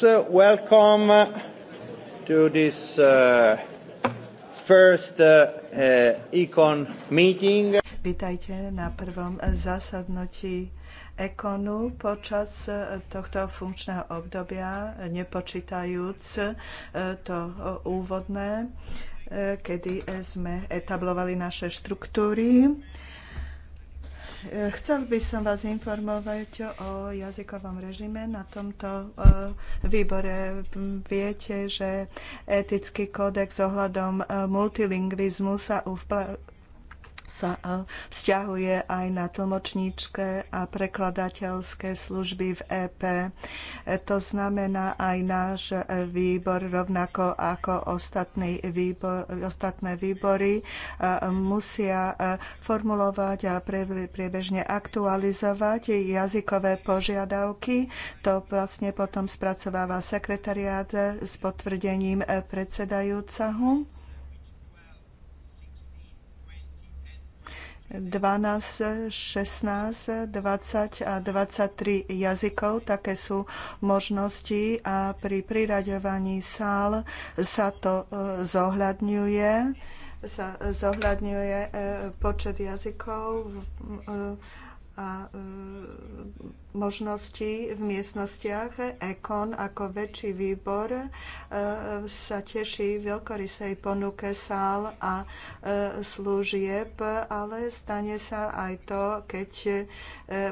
colleagues, uh, welcome to this uh, first uh, uh, Econ meeting. Vítajte na prvom zasadnutí Ekonu počas uh, tohto funkčného obdobia, nepočítajúc to úvodné, kedy sme etablovali naše štruktúry. Eh, chcel by som vás informovať o jazykovom režime na tomto eh, výbore. Hm, viete, že etický kódex ohľadom eh, multilingvizmu sa uplatňuje sa e, vzťahuje aj na tlmočníčke a prekladateľské služby v EP. E, to znamená aj náš výbor, rovnako ako ostatný výbor, ostatné výbory, e, musia formulovať a priebežne aktualizovať jazykové požiadavky. To vlastne potom spracováva sekretariát s potvrdením predsedajúceho. 12, 16, 20 a 23 jazykov. Také sú možnosti a pri priraďovaní sál sa to e, zohľadňuje sa zohľadňuje e, počet jazykov e, a e, možnosti v miestnostiach. Ekon ako väčší výbor e, sa teší veľkorysej ponuke sál a e, služieb, ale stane sa aj to, keď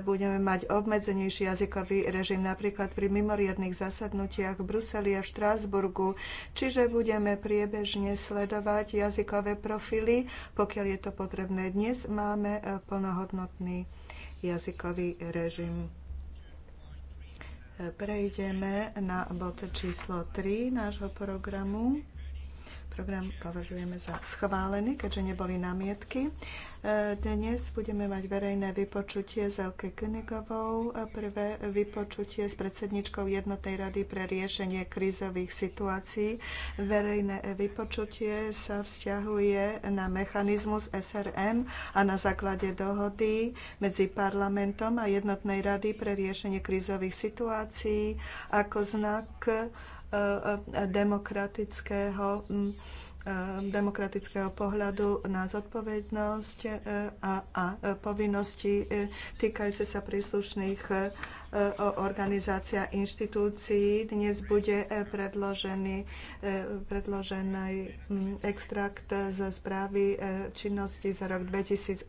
budeme mať obmedzenejší jazykový režim, napríklad pri mimoriadných zasadnutiach v Bruseli a v Štrásburgu, čiže budeme priebežne sledovať jazykové profily, pokiaľ je to potrebné. Dnes máme plnohodnotný jazykový režim. Prejdeme na bod číslo 3 nášho programu. Program považujeme za schválený, keďže neboli námietky. E, dnes budeme mať verejné vypočutie s Elke Knigovou, e, prvé vypočutie s predsedničkou Jednotnej rady pre riešenie krízových situácií. Verejné vypočutie sa vzťahuje na mechanizmus SRM a na základe dohody medzi parlamentom a Jednotnej rady pre riešenie krízových situácií ako znak Eh, eh, demokratického mm, eh, demokratického pohľadu na zodpovednosť a, a povinnosti týkajúce sa príslušných a inštitúcií. Dnes bude predložený, predložený mm, extrakt zo správy činnosti za rok 2018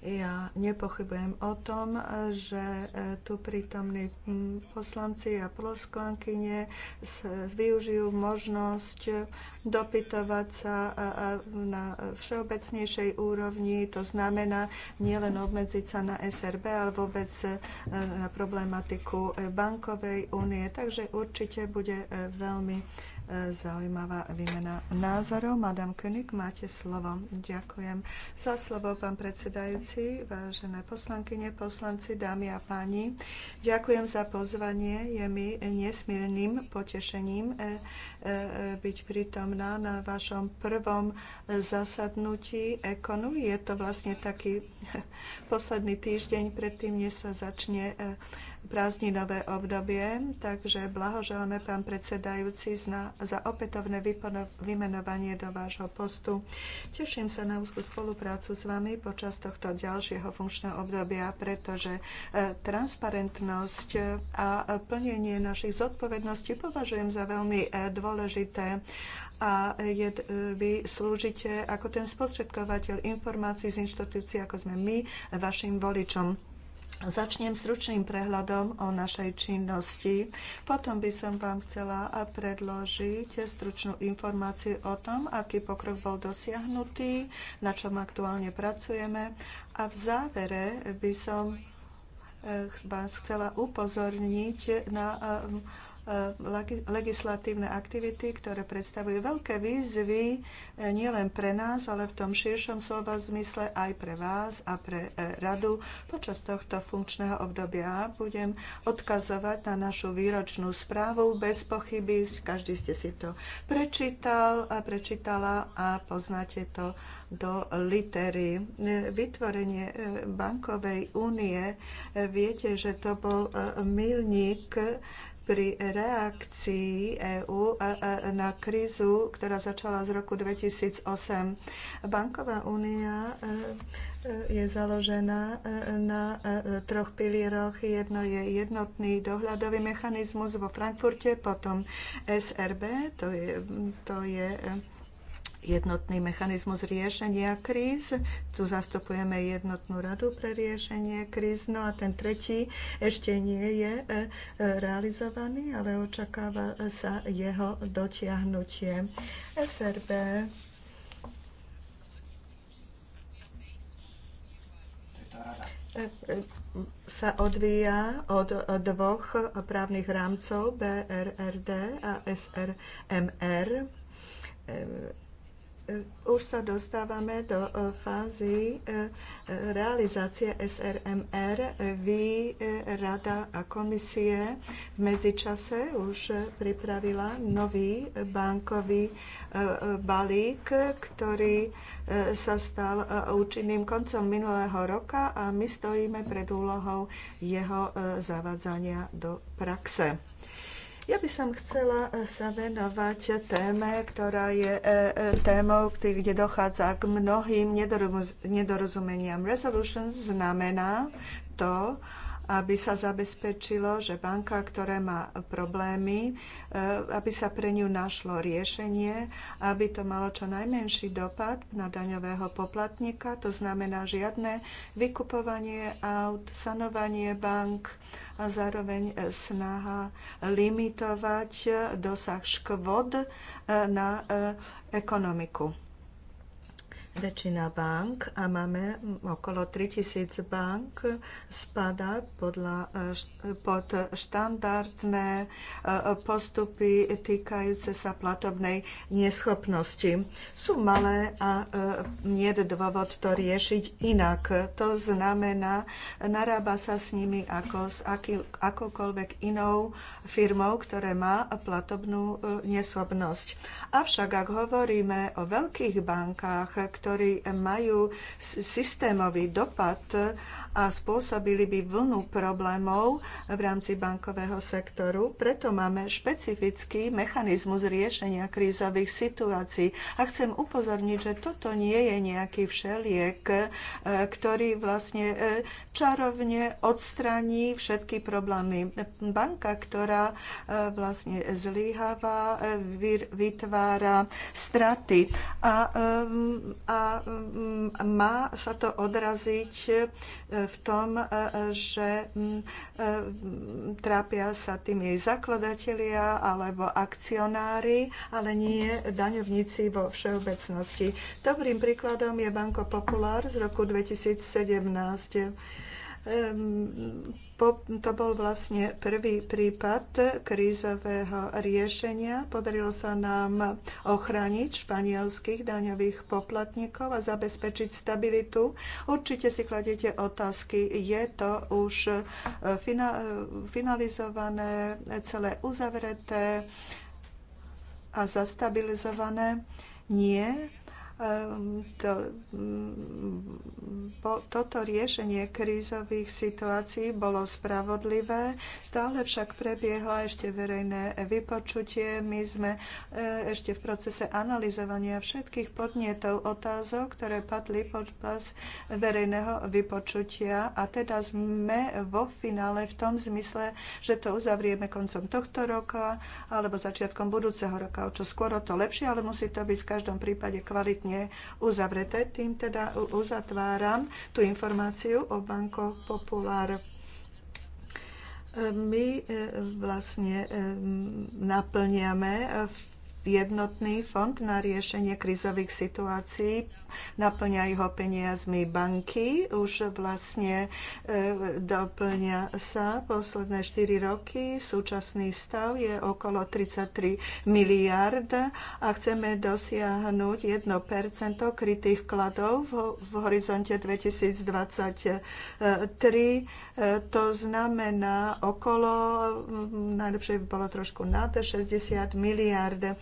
ja nepochybujem o tom, že e, tu prítomní poslanci a plosklankyne využijú možnosť dopytovať sa na všeobecnejšej úrovni. To znamená nielen obmedziť sa na SRB, ale vôbec e, na problematiku e, bankovej únie. Takže určite bude veľmi zaujímavá výmena názorov. Madam König, máte slovo. Ďakujem za slovo, pán predsedajúci, vážené poslankyne, poslanci, dámy a páni. Ďakujem za pozvanie. Je mi nesmírnym potešením e, e, byť prítomná na vašom prvom zasadnutí Ekonu. Je to vlastne taký posledný týždeň predtým, než sa začne e, prázdninové obdobie, takže blahoželáme pán predsedajúci za opätovné vymenovanie do vášho postu. Teším sa na úzku spoluprácu s vami počas tohto ďalšieho funkčného obdobia, pretože e, transparentnosť e, a plnenie našich zodpovedností považujem za veľmi e, dôležité a je, vy slúžite ako ten spostredkovateľ informácií z inštitúcií, ako sme my, vašim voličom. Začnem stručným prehľadom o našej činnosti. Potom by som vám chcela predložiť stručnú informáciu o tom, aký pokrok bol dosiahnutý, na čom aktuálne pracujeme. A v závere by som eh, vás chcela upozorniť na eh, E, legislatívne aktivity, ktoré predstavujú veľké výzvy e, nielen pre nás, ale v tom širšom slova zmysle aj pre vás a pre e, radu počas tohto funkčného obdobia. Budem odkazovať na našu výročnú správu bez pochyby. Každý ste si to prečítal a prečítala a poznáte to do litery. Vytvorenie bankovej únie, viete, že to bol milník pri reakcii EÚ e, e, na krízu, ktorá začala z roku 2008. Banková únia e, je založená na troch pilieroch. Jedno je jednotný dohľadový mechanizmus vo Frankfurte, potom SRB, to je, to je jednotný mechanizmus riešenia kríz. Tu zastupujeme jednotnú radu pre riešenie kríz. No a ten tretí ešte nie je e, e, realizovaný, ale očakáva sa jeho dotiahnutie. SRB sa odvíja od dvoch právnych rámcov BRRD a SRMR E, už sa dostávame do e, fázy e, realizácie SRMR. Vy, Rada a komisie v medzičase už pripravila nový bankový balík, ktorý sa stal účinným koncom minulého roka a my stojíme pred úlohou jeho zavádzania do praxe. Ja by som chcela eh, sa venovať téme, ktorá je eh, eh, témou, kde dochádza k mnohým nedorozumeniam. Resolution znamená to, aby sa zabezpečilo, že banka, ktorá má problémy, aby sa pre ňu našlo riešenie, aby to malo čo najmenší dopad na daňového poplatníka, to znamená žiadne vykupovanie aut, sanovanie bank, a zároveň e, snaha limitovať e, dosah škôd e, na ekonomiku väčšina bank a máme okolo 3000 bank spada podľa, eh, pod štandardné eh, postupy týkajúce sa platobnej neschopnosti. Sú malé a eh, nie je dôvod to riešiť inak. To znamená, narába sa s nimi ako s aký, akokoľvek inou firmou, ktoré má platobnú neschopnosť. Avšak ak hovoríme o veľkých bankách, ktorí majú systémový dopad a spôsobili by vlnu problémov v rámci bankového sektoru. Preto máme špecifický mechanizmus riešenia krízových situácií. A chcem upozorniť, že toto nie je nejaký všeliek, e, ktorý vlastne e, čarovne odstraní všetky problémy. Banka, ktorá e, vlastne zlíháva, vytvára straty a, a a mm, má sa to odraziť e, v tom, e, že mm, e, trápia sa tým jej zakladatelia alebo akcionári, ale nie daňovníci vo všeobecnosti. Dobrým príkladom je Banko Popular z roku 2017 to bol vlastne prvý prípad krízového riešenia. Podarilo sa nám ochrániť španielských daňových poplatníkov a zabezpečiť stabilitu. Určite si kladete otázky, je to už e, e, finalizované, celé uzavreté a zastabilizované? Nie, Ehm, to, bo, mm, toto riešenie krízových situácií bolo spravodlivé. Stále však prebiehla ešte verejné vypočutie. My sme e, ešte v procese analyzovania všetkých podnetov otázok, ktoré padli počas verejného vypočutia. A teda sme vo finále v tom zmysle, že to uzavrieme koncom tohto roka alebo začiatkom budúceho roka. O čo skôr to lepšie, ale musí to byť v každom prípade kvalitné vlastne uzavreté. Tým teda uzatváram tú informáciu o Banco Popular e, my e, vlastne e, naplňame v jednotný fond na riešenie krizových situácií, naplňajú ho peniazmi banky, už vlastne e, doplňa sa posledné 4 roky. Súčasný stav je okolo 33 miliard a chceme dosiahnuť 1% krytých vkladov v horizonte 2023. E, to znamená okolo, najlepšie by bolo trošku nad 60 miliard.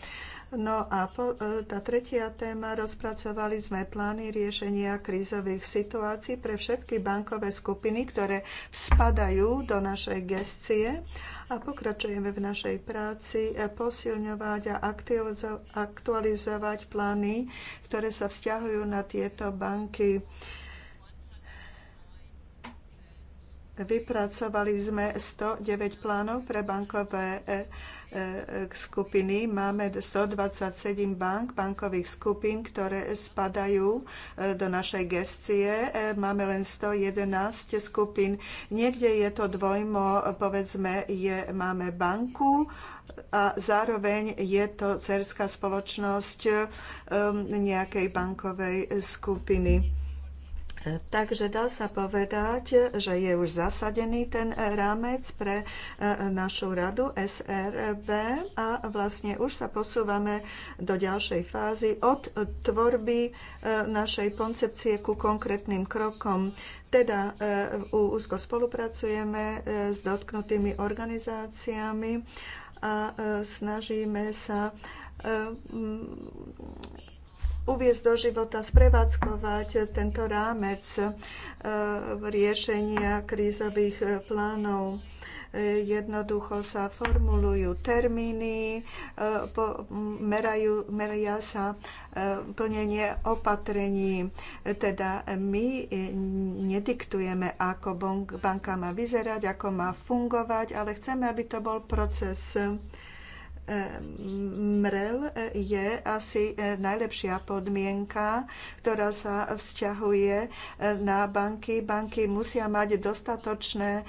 No a po, e, tá tretia téma, rozpracovali sme plány riešenia krízových situácií pre všetky bankové skupiny, ktoré spadajú do našej gestie a pokračujeme v našej práci e, posilňovať a aktualizovať plány, ktoré sa vzťahujú na tieto banky. Vypracovali sme 109 plánov pre bankové e, e, skupiny. Máme 127 bank, bankových skupín, ktoré spadajú e, do našej gestie. Máme len 111 skupín. Niekde je to dvojmo, povedzme, je, máme banku, a zároveň je to cerská spoločnosť nejakej bankovej skupiny Takže dá sa povedať, že je už zasadený ten e, rámec pre e, našu radu SRB a vlastne už sa posúvame do ďalšej fázy od tvorby e, našej koncepcie ku konkrétnym krokom. Teda úzko spolupracujeme s dotknutými organizáciami a snažíme sa uviezť do života, sprevádzkovať tento rámec e, riešenia krízových e, plánov e, jednoducho sa formulujú termíny, merajú, meria sa plnenie opatrení. Teda my nediktujeme, ako banka má vyzerať, ako má fungovať, ale chceme, aby to bol proces mrel e, je asi e, najlepšia podmienka, ktorá sa vzťahuje e, na banky. Banky musia mať dostatočné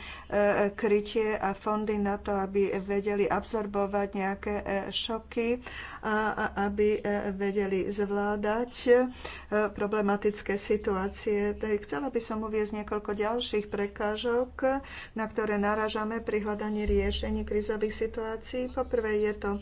krytie a fondy na to, aby vedeli absorbovať nejaké šoky a aby e, vedeli zvládať e, problematické situácie. Chcela by som uviezť niekoľko ďalších prekážok, na ktoré naražame pri hľadaní riešení krizových situácií. Poprvé je to e,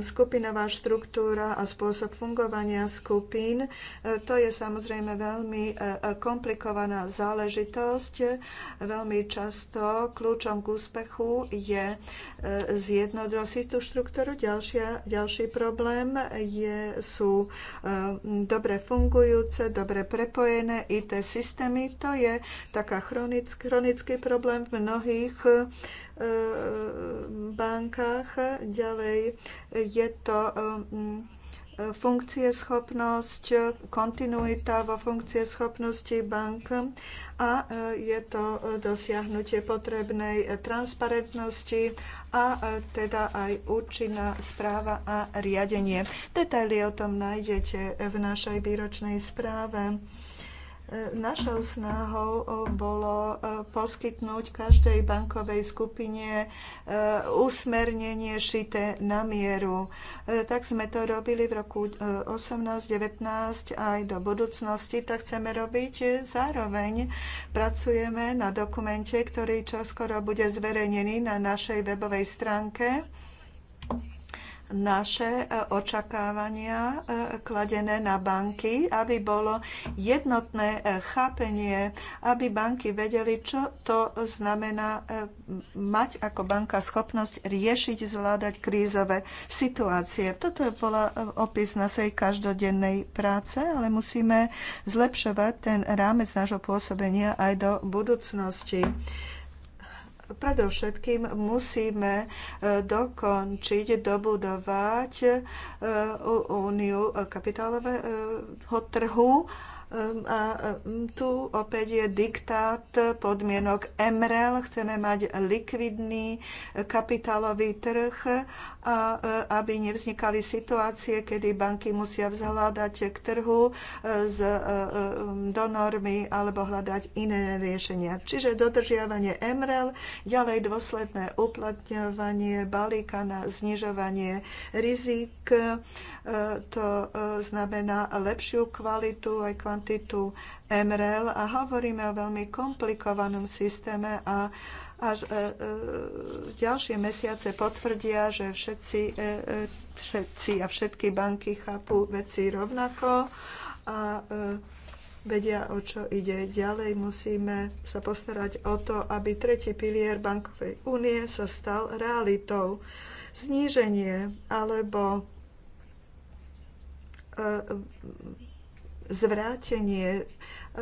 skupinová štruktúra a spôsob fungovania skupín. To je samozrejme veľmi komplikovaná záležitosť. Veľmi často kľúčom k úspechu je zjednodušiť tú štruktúru. Ďalšia, ďalšia ďalší problém je, sú eh, dobre fungujúce, dobre prepojené IT systémy. To je taká chronick, chronický problém v mnohých eh, bankách. Ďalej je to eh, funkcieschopnosť, kontinuita vo funkcieschopnosti bank a e, je to e, dosiahnutie potrebnej e, transparentnosti a teda aj účinná správa a riadenie. Detaily o tom nájdete v našej výročnej správe. E, našou snahou e, bolo e, poskytnúť každej bankovej skupine usmernenie šité na mieru. Tak sme to robili v roku 18-19 aj do budúcnosti. To chceme robiť. Zároveň pracujeme na dokumente, ktorý čoskoro bude zverejnený na našej webovej stránke naše e, očakávania e, kladené na banky, aby bolo jednotné e, chápenie, aby banky vedeli, čo to znamená mať ako banka schopnosť riešiť, zvládať krízové situácie. Toto je bola opis našej každodennej práce, ale musíme zlepšovať ten rámec nášho pôsobenia aj do budúcnosti predovšetkým musíme e, dokončiť, dobudovať úniu e, kapitálového e, trhu, Ehm, a ehm, tu opäť je diktát podmienok MREL. Chceme mať likvidný e, kapitálový trh, a e, aby nevznikali situácie, kedy banky musia vzhľadať k trhu e, do normy alebo hľadať iné riešenia. Čiže dodržiavanie MREL, ďalej dôsledné uplatňovanie balíka na znižovanie rizik, to znamená lepšiu kvalitu aj kvalitu kvantitu MREL a hovoríme o veľmi komplikovanom systéme a až e, e, ďalšie mesiace potvrdia, že všetci, e, všetci a všetky banky chápu veci rovnako a vedia, o čo ide. Ďalej musíme sa postarať o to, aby tretí pilier bankovej únie sa stal realitou. Zníženie alebo zvrátenie, eh,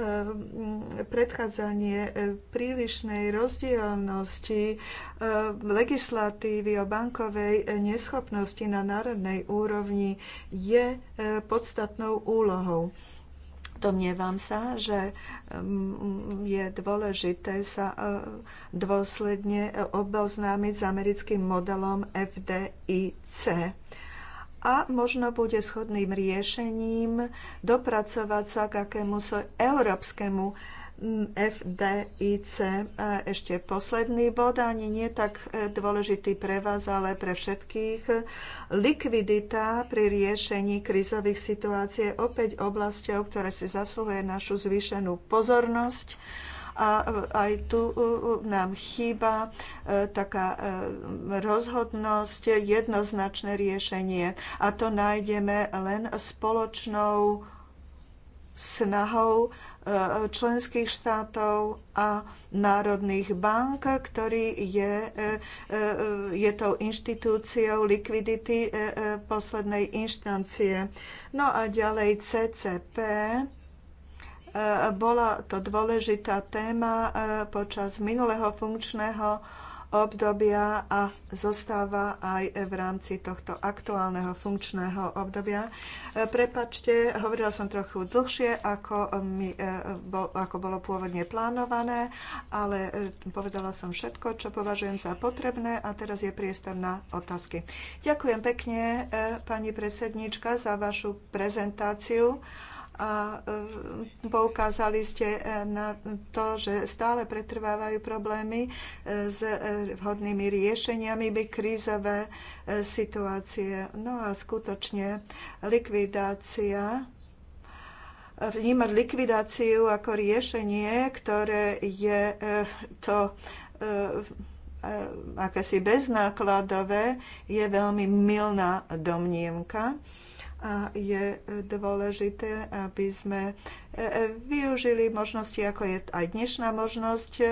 predchádzanie eh, prílišnej rozdielnosti eh, legislatívy o bankovej neschopnosti na národnej úrovni je podstatnou úlohou. Domnievam sa, že mm, je dôležité sa dôsledne oboznámiť s americkým modelom FDIC a možno bude schodným riešením dopracovať sa k akému európskemu mm, FDIC. E, ešte posledný bod, ani nie tak e, dôležitý pre vás, ale pre všetkých. Likvidita pri riešení krizových situácií je opäť oblasťou, ktoré si zasluhuje našu zvýšenú pozornosť a e, aj tu e, e, nám chýba taká rozhodnosť, jednoznačné riešenie. A to nájdeme len spoločnou snahou členských štátov a národných bank, ktorý je, je tou inštitúciou likvidity poslednej inštancie. No a ďalej CCP bola to dôležitá téma e, počas minulého funkčného obdobia a zostáva aj v rámci tohto aktuálneho funkčného obdobia. E, prepačte, hovorila som trochu dlhšie, ako, mi, e, ako bolo pôvodne plánované, ale povedala som všetko, čo považujem za potrebné a teraz je priestor na otázky. Ďakujem pekne, pani predsednička, za vašu prezentáciu a e, poukázali ste e, na to, že stále pretrvávajú problémy e, s vhodnými riešeniami by krízové situácie. No a skutočne likvidácia vnímať likvidáciu ako riešenie, ktoré je to akési beznákladové, je veľmi milná domnievka a je dôležité, aby sme e, e, využili možnosti, ako je aj dnešná možnosť e,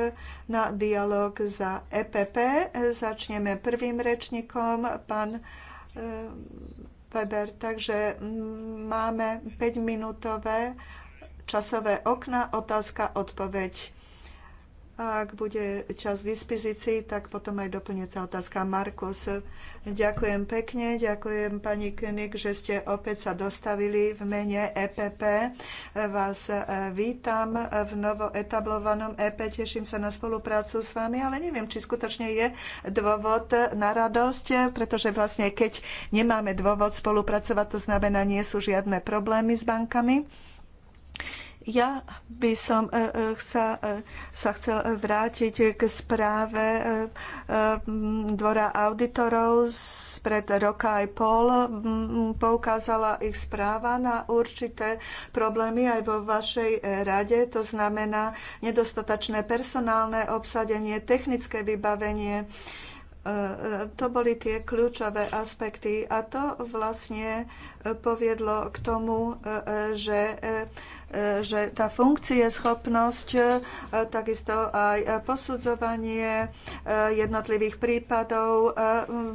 na dialog za EPP. Začneme prvým rečníkom, pán Weber. Takže máme 5-minútové časové okna, otázka, odpoveď a ak bude čas k dispozícii, tak potom aj doplňujúca otázka. Markus, ďakujem pekne, ďakujem pani Kenik, že ste opäť sa dostavili v mene EPP. Vás e, vítam v novoetablovanom EP, teším sa na spoluprácu s vami, ale neviem, či skutočne je dôvod na radosť, pretože vlastne keď nemáme dôvod spolupracovať, to znamená, nie sú žiadne problémy s bankami. Ja by som sa, e, e, e, sa chcel vrátiť k správe Dvora auditorov spred roka aj pol. Poukázala ich správa na určité problémy aj vo vašej rade, to znamená nedostatočné personálne obsadenie, technické vybavenie. To boli tie kľúčové aspekty a to vlastne poviedlo k tomu, že že tá funkcie, schopnosť, e, takisto aj posudzovanie e, jednotlivých prípadov e,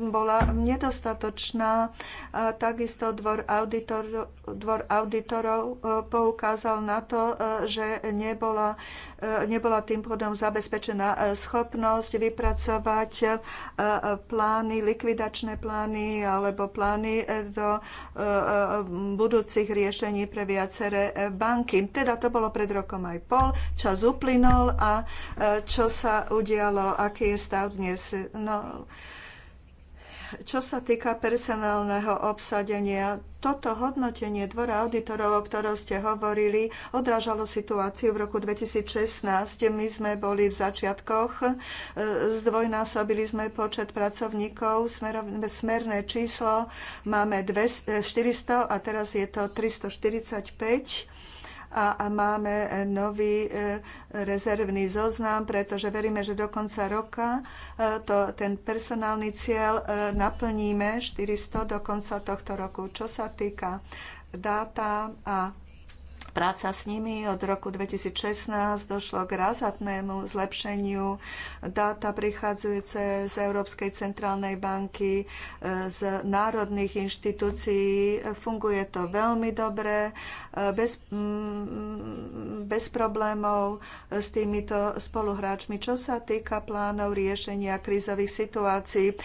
bola nedostatočná. Takisto dvor, auditor, dvor auditorov poukázal na to, že nebola, nebola tým pádom zabezpečená schopnosť vypracovať plány, likvidačné plány alebo plány do budúcich riešení pre viaceré banky banky. Teda to bolo pred rokom aj pol, čas uplynul a e, čo sa udialo, aký je stav dnes. No, čo sa týka personálneho obsadenia, toto hodnotenie Dvora auditorov, o ktorom ste hovorili, odrážalo situáciu v roku 2016. My sme boli v začiatkoch, e, zdvojnásobili sme počet pracovníkov, smerné číslo máme 400 e, a teraz je to 345 a, a máme nový e, rezervný zoznam, pretože veríme, že do konca roka e, to, ten personálny cieľ e, naplníme 400 do konca tohto roku. Čo sa týka dáta a práca s nimi. Od roku 2016 došlo k razatnému zlepšeniu. Dáta prichádzajúce z Európskej centrálnej banky, e, z národných inštitúcií. Funguje to veľmi dobre, e, bez, mm, bez problémov s týmito spoluhráčmi. Čo sa týka plánov riešenia krízových situácií, e,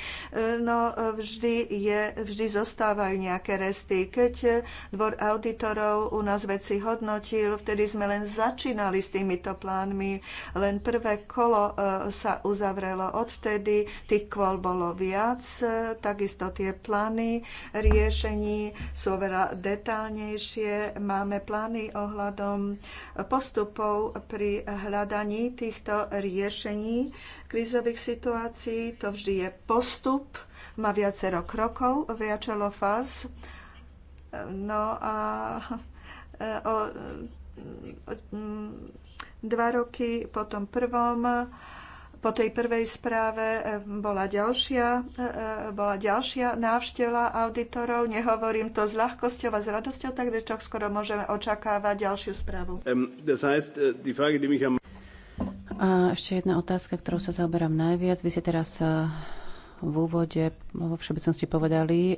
no vždy, je, vždy zostávajú nejaké resty. Keď dvor auditorov u nás veci hodnú, vyhodnotil. Vtedy sme len začínali s týmito plánmi. Len prvé kolo e, sa uzavrelo odtedy, Tých kôl bolo viac. E, takisto tie plány riešení sú veľa detálnejšie. Máme plány ohľadom postupov pri hľadaní týchto riešení krízových situácií. To vždy je postup, má viacero krokov, viacero fáz. No a Eh, o mm, dva roky po tom prvom po tej prvej správe eh, bola ďalšia, eh, bola ďalšia návšteva auditorov. Nehovorím to s ľahkosťou a s radosťou, takže čo skoro môžeme očakávať ďalšiu správu. A ešte jedna otázka, ktorou sa zaoberám najviac. Vy ste teraz v úvode vo všeobecnosti povedali,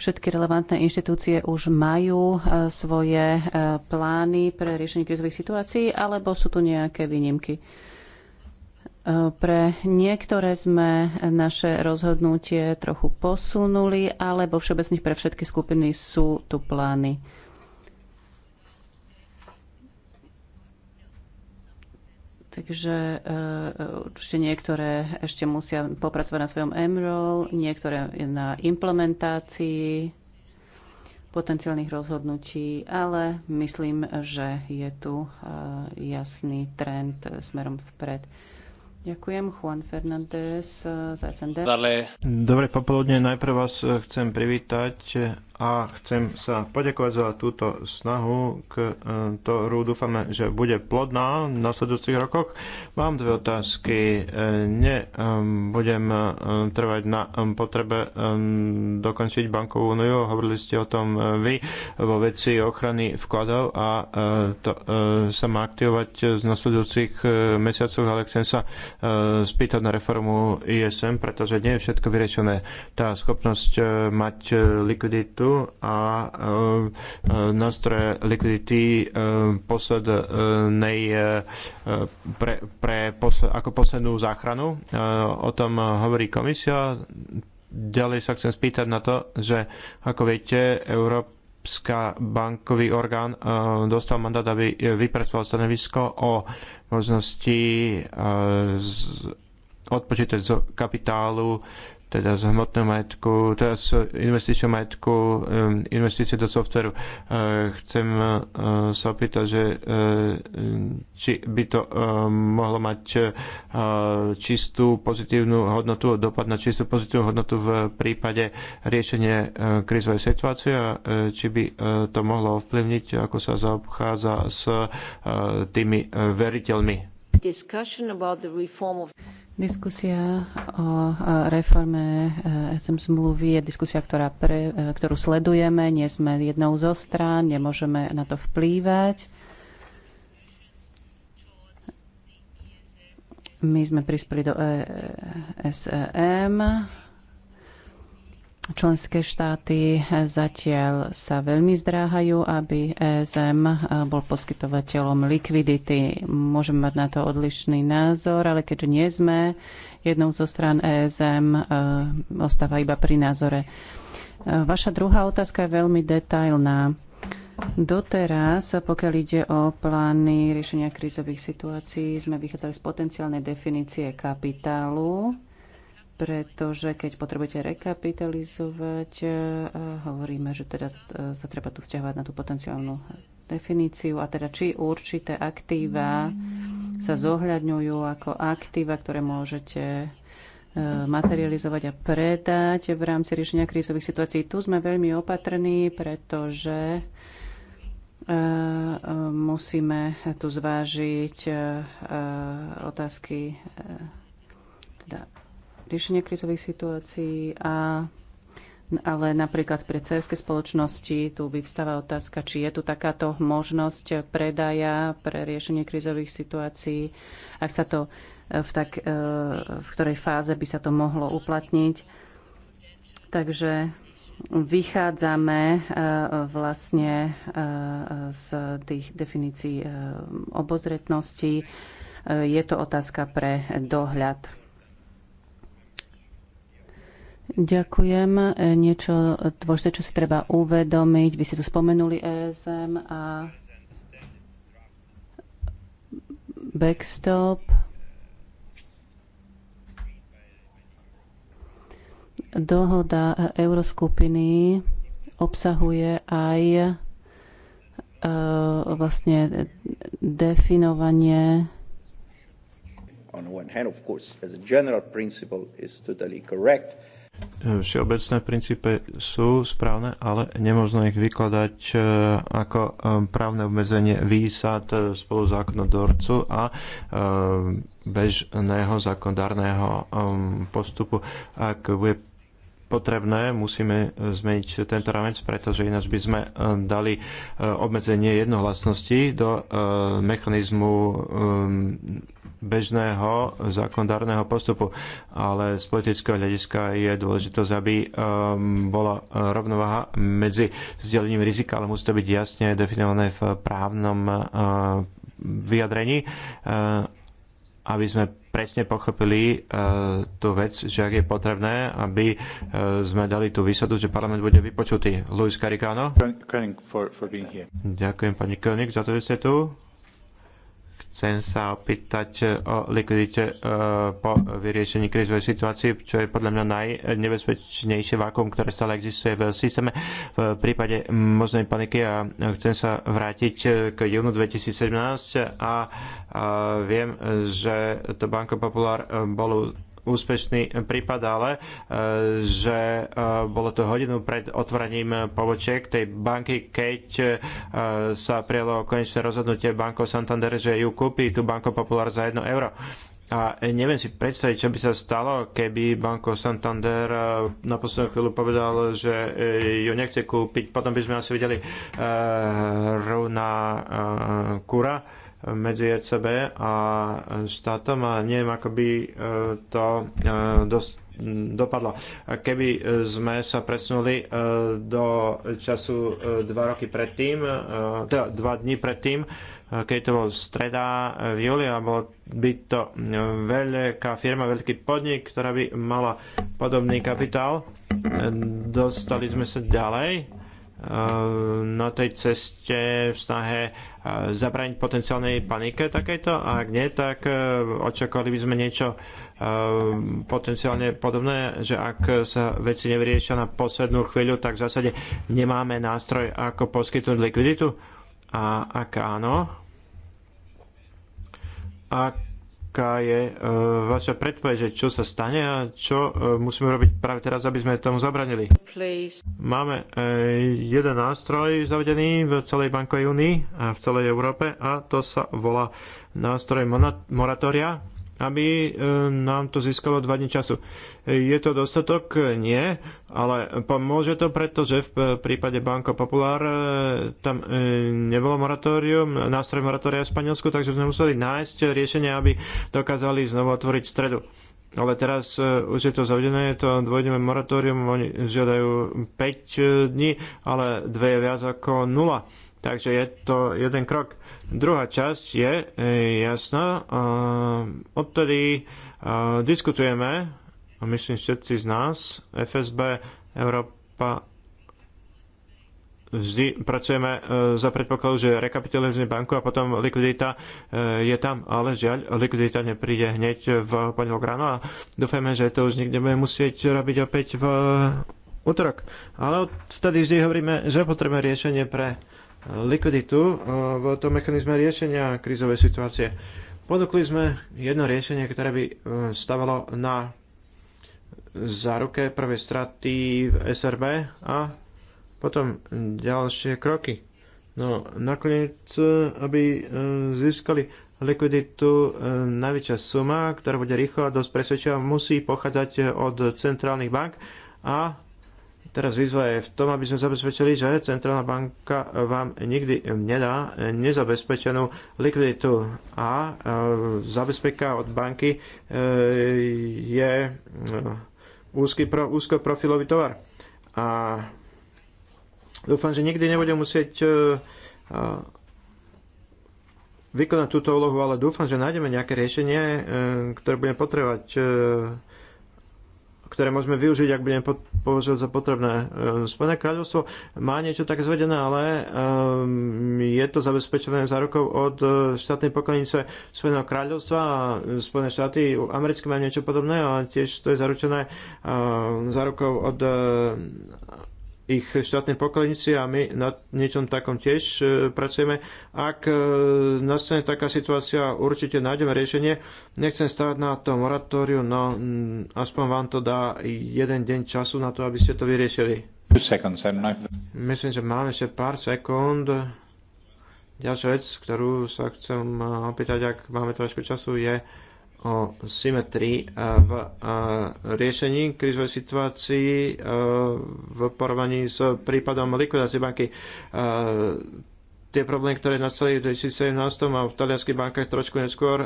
Všetky relevantné inštitúcie už majú e, svoje e, plány pre riešenie krizových situácií, alebo sú tu nejaké výnimky? E, pre niektoré sme naše rozhodnutie trochu posunuli, alebo všeobecne všeobecných pre všetky skupiny sú tu plány. Takže e, e, určite niektoré ešte musia popracovať na svojom MROL, niektoré na implementácii potenciálnych rozhodnutí, ale myslím, že je tu e, jasný trend smerom vpred. Ďakujem, Juan Fernández z SND. Dobre popoludne, najprv vás chcem privítať a chcem sa poďakovať za túto snahu, ktorú dúfame, že bude plodná v nasledujúcich rokoch. Mám dve otázky. Nebudem ehm, ehm, trvať na ehm, potrebe dokončiť bankovú úniu. Hovorili ste o tom e, vy vo veci ochrany vkladov a e, to e, sa má aktivovať z nasledujúcich mesiacov, ale chcem sa spýtať na reformu ISM, pretože nie je všetko vyriešené. Tá schopnosť mať likviditu a e, e, nástroje likvidity e, poslednej pre, pre posled, ako poslednú záchranu. O tom hovorí komisia. Ďalej sa chcem spýtať na to, že ako viete, Európa bankový orgán dostal mandát, aby vypracoval stanovisko o možnosti odpočítať z kapitálu teda z hmotného majetku, teda z investičného majetku, um, investície do softveru. Uh, chcem uh, sa opýtať, že uh, či by to mohlo mať čistú pozitívnu hodnotu, dopad na čistú pozitívnu hodnotu v prípade riešenia krizovej situácie a či by to mohlo ovplyvniť, ako sa zaobchádza s tými veriteľmi Diskusia o reforme e, SM zmluvy je diskusia, ktorá pre, e, ktorú sledujeme. Nie sme jednou zo strán, nemôžeme na to vplývať. My sme prispeli do e, SEM. Členské štáty zatiaľ sa veľmi zdráhajú, aby ESM eh, bol poskytovateľom likvidity. Môžeme mať na to odlišný názor, ale keďže nie sme jednou zo strán ESM, eh, ostáva iba pri názore. Eh, vaša druhá otázka je veľmi detailná. Doteraz, pokiaľ ide o plány riešenia krízových situácií, sme vychádzali z potenciálnej definície kapitálu pretože keď potrebujete rekapitalizovať, eh, hovoríme, že teda eh, sa treba tu vzťahovať na tú potenciálnu definíciu a teda či určité aktíva sa zohľadňujú ako aktíva, ktoré môžete eh, materializovať a predať v rámci riešenia krízových situácií. Tu sme veľmi opatrní, pretože musíme tu zvážiť otázky teda riešenia krizových situácií a ale napríklad pre cerské spoločnosti tu vyvstáva otázka, či je tu takáto možnosť predaja pre riešenie krizových situácií, ak sa to eh, v, tak, eh, v ktorej fáze by sa to mohlo uplatniť. Takže vychádzame eh, vlastne z tých definícií obozretnosti. Je to otázka pre dohľad. Ďakujem. E, niečo dôležité, čo si treba uvedomiť. Vy ste tu spomenuli ESM a backstop. Dohoda euroskupiny obsahuje aj uh, vlastne definovanie on one hand, of course, as a general principle is totally correct všeobecné v princípe sú správne, ale nemožno ich vykladať e, ako e, právne obmedzenie výsad e, spolu zákonodorcu a bežného zákonodárneho postupu. Ak bude potrebné, musíme zmeniť tento ramec, pretože ináč by sme dali obmedzenie jednohlasnosti do mechanizmu bežného zákonodárneho postupu. Ale z politického hľadiska je dôležitosť, aby um, bola rovnováha medzi vzdelením rizika, ale musí to byť jasne definované v právnom uh, vyjadrení, uh, aby sme presne pochopili uh, tú vec, že ak je potrebné, aby sme dali tú výsadu, že parlament bude vypočutý. Luis Caricano. Ďakujem pani Koenig za to, že ste tu. Chcem sa opýtať e, o likvidite e, po vyriešení krizovej situácie, čo je podľa mňa najnebezpečnejšie vákuum, ktoré stále existuje v systéme v prípade možnej paniky a chcem sa vrátiť e, k júnu 2017 a viem, že to Banko Popular bolo úspešný prípad, ale e, že e, bolo to hodinu pred otvorením pobočiek tej banky, keď e, sa prijalo konečné rozhodnutie Banko Santander, že ju kúpi tú Banko Popular za 1 euro. A neviem si predstaviť, čo by sa stalo, keby Banko Santander na poslednú chvíľu povedal, že ju nechce kúpiť. Potom by sme asi videli uh, rovná uh, kura medzi ECB a štátom a neviem, ako by e, to e, dosť dopadlo. Keby e, sme sa presunuli do času dva roky predtým, teda dva dní predtým, keď to bol streda v júli a bolo by to veľká firma, veľký podnik, ktorá by mala podobný kapitál. Dostali sme sa ďalej Ehm, na tej ceste v snahe e, zabrániť potenciálnej panike takejto? A ak nie, tak e, očakovali by sme niečo e, potenciálne podobné, že ak sa veci nevyriešia na poslednú chvíľu, tak v zásade nemáme nástroj, ako poskytnúť likviditu? A ak áno, ak aká je e, vaša predpoveď, že čo sa stane a čo e, musíme robiť práve teraz, aby sme tomu zabranili. Please. Máme e, jeden nástroj zavedený v celej bankovej únii a v celej Európe a to sa volá nástroj moratória aby e, nám to získalo 2 dní času. Je to dostatok? Nie, ale pomôže to, pretože v e, prípade Banco Popular e, tam nebolo moratórium, nástroj moratória v Španielsku, takže sme museli nájsť riešenie, aby dokázali znovu otvoriť stredu. Ale teraz už je to zavedené, je to dvojdňové moratórium, oni žiadajú 5 dní, ale dve je viac ako 0. Takže je to jeden krok. Druhá časť je e, jasná. Odtedy e, diskutujeme, myslím všetci z nás, FSB, Európa, vždy pracujeme e, za predpokladu, že rekapitalizujeme banku a potom likvidita je tam, ale žiaľ, likvidita nepríde hneď v pondelok ráno a dúfajme, že to už nikde budeme musieť robiť opäť v útorok. Ale vtedy vždy hovoríme, že potrebujeme riešenie pre likviditu eh, v tom mechanizme riešenia krízovej situácie. Podokli sme jedno riešenie, ktoré by eh, stavalo na záruke prvej straty v SRB a potom ďalšie kroky. No nakoniec, eh, aby získali likviditu, najväčšia suma, ktorá bude rýchla dosť presvedčivá, musí pochádzať od centrálnych bank a Teraz výzva je v tom, aby sme zabezpečili, že centrálna banka vám nikdy nedá nezabezpečenú likviditu a e, zabezpeka od banky e, je e, úzky, úzko profilový tovar. A dúfam, že nikdy nebudem musieť vykonať túto úlohu, ale dúfam, že nájdeme nejaké riešenie, ktoré budeme potrebovať ktoré môžeme využiť, ak budeme považovať za potrebné. E, Spojené kráľovstvo má niečo tak zvedené, ale e, je to zabezpečené za rokov od e, štátnej pokladnice Spojeného kráľovstva a Spojené štáty americké majú niečo podobné ale tiež to je zaručené za rokov od ich štátnej pokladnici a my na niečom takom tiež e, pracujeme. Ak e, nastane taká situácia, určite nájdeme riešenie. Nechcem stávať na to moratóriu, no aspoň vám to dá jeden deň času na to, aby ste to vyriešili. No. Myslím, že máme ešte pár sekúnd. Ďalšia vec, ktorú sa chcem e, opýtať, ak máme trošku času, je o symetrii e, v e, riešení krizovej situácii e, v porovnaní s prípadom likvidácie banky. Tie problémy, ktoré nastali v 2017 a v talianských bankách trošku neskôr,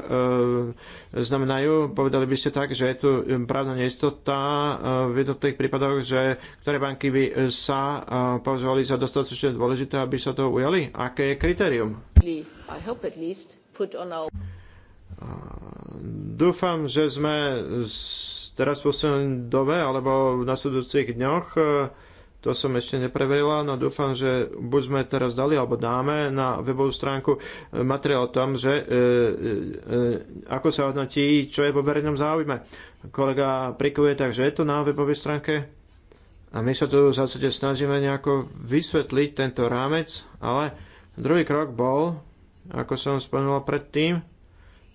znamenajú, povedali by ste tak, že je tu právna neistota v jednotlivých prípadoch, že ktoré banky by sa považovali za dostatočne dôležité, aby sa toho ujali? Aké je kritérium? Dúfam, že sme teraz v poslednej dobe alebo v nasledujúcich dňoch, e, to som ešte nepreverila, no dúfam, že buď sme teraz dali alebo dáme na webovú stránku e, materiál o tom, že e, e, e, ako sa hodnotí, čo je vo verejnom záujme. Kolega prikuje, takže je to na webovej stránke. A my sa tu v zásade snažíme nejako vysvetliť tento rámec, ale druhý krok bol, ako som spomenul predtým,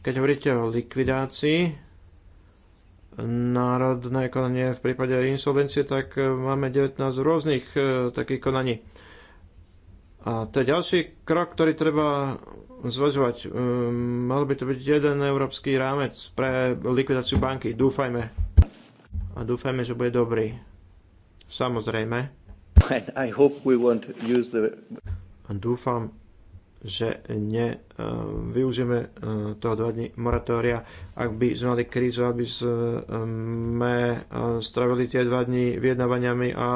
keď hovoríte o likvidácii, národné konanie v prípade insolvencie, tak e, máme 19 rôznych e, takých konaní. A to je ďalší krok, ktorý treba zvažovať. E, mal by to byť jeden európsky rámec pre likvidáciu banky. Dúfajme. A dúfajme, že bude dobrý. Samozrejme. The... Dúfam, že nevyužijeme e, e, toho dva dní moratória, ak by sme mali krízu, aby sme e, stravili tie dva dní vyjednávaniami a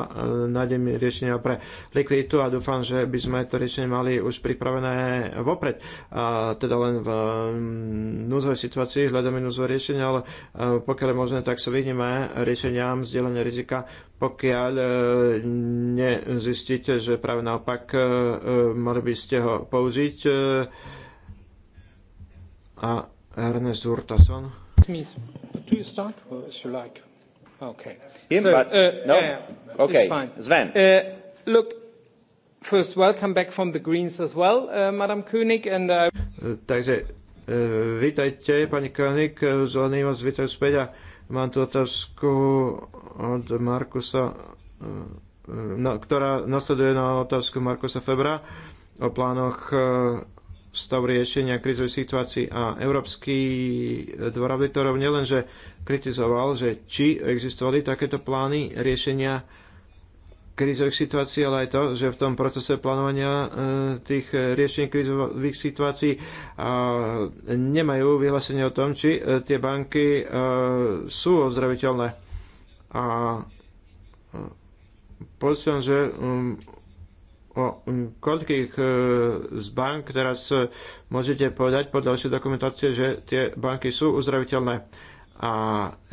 nájdeme riešenia pre likviditu a dúfam, že by sme to riešenie mali už pripravené vopred, a teda len v mm, núzovej situácii hľadáme núzové riešenia, ale pokiaľ je možné, tak sa vyhneme riešeniam zdieľania rizika pokiaľ e, nezistíte, že práve naopak e, e, mali by ste ho použiť. A Ernest Wurtason. Smith, do you start or you like? Okay. Him, so, but uh, no. okay. It's fine. Sven. Uh, look, first, welcome back from the Greens as well, uh, Madam Koenig, and. Uh... Takže uh, vítajte, pani Koenig, zelený vás vítajú späť a Mám tu otázku od Markusa, eh, no, ktorá nasleduje na otázku Markusa Febra o plánoch eh, stav riešenia krizovej situácii a Európsky dvor auditorov nielenže kritizoval, že či existovali takéto plány riešenia krízových situácií, ale aj to, že v tom procese plánovania e, tých e, riešení krízových situácií nemajú vyhlásenie o tom, či e, tie banky sú ozdraviteľné. A poďme, že um, o um, koľkých z bank teraz môžete povedať po ďalšej dokumentácie, že tie banky sú uzdraviteľné. A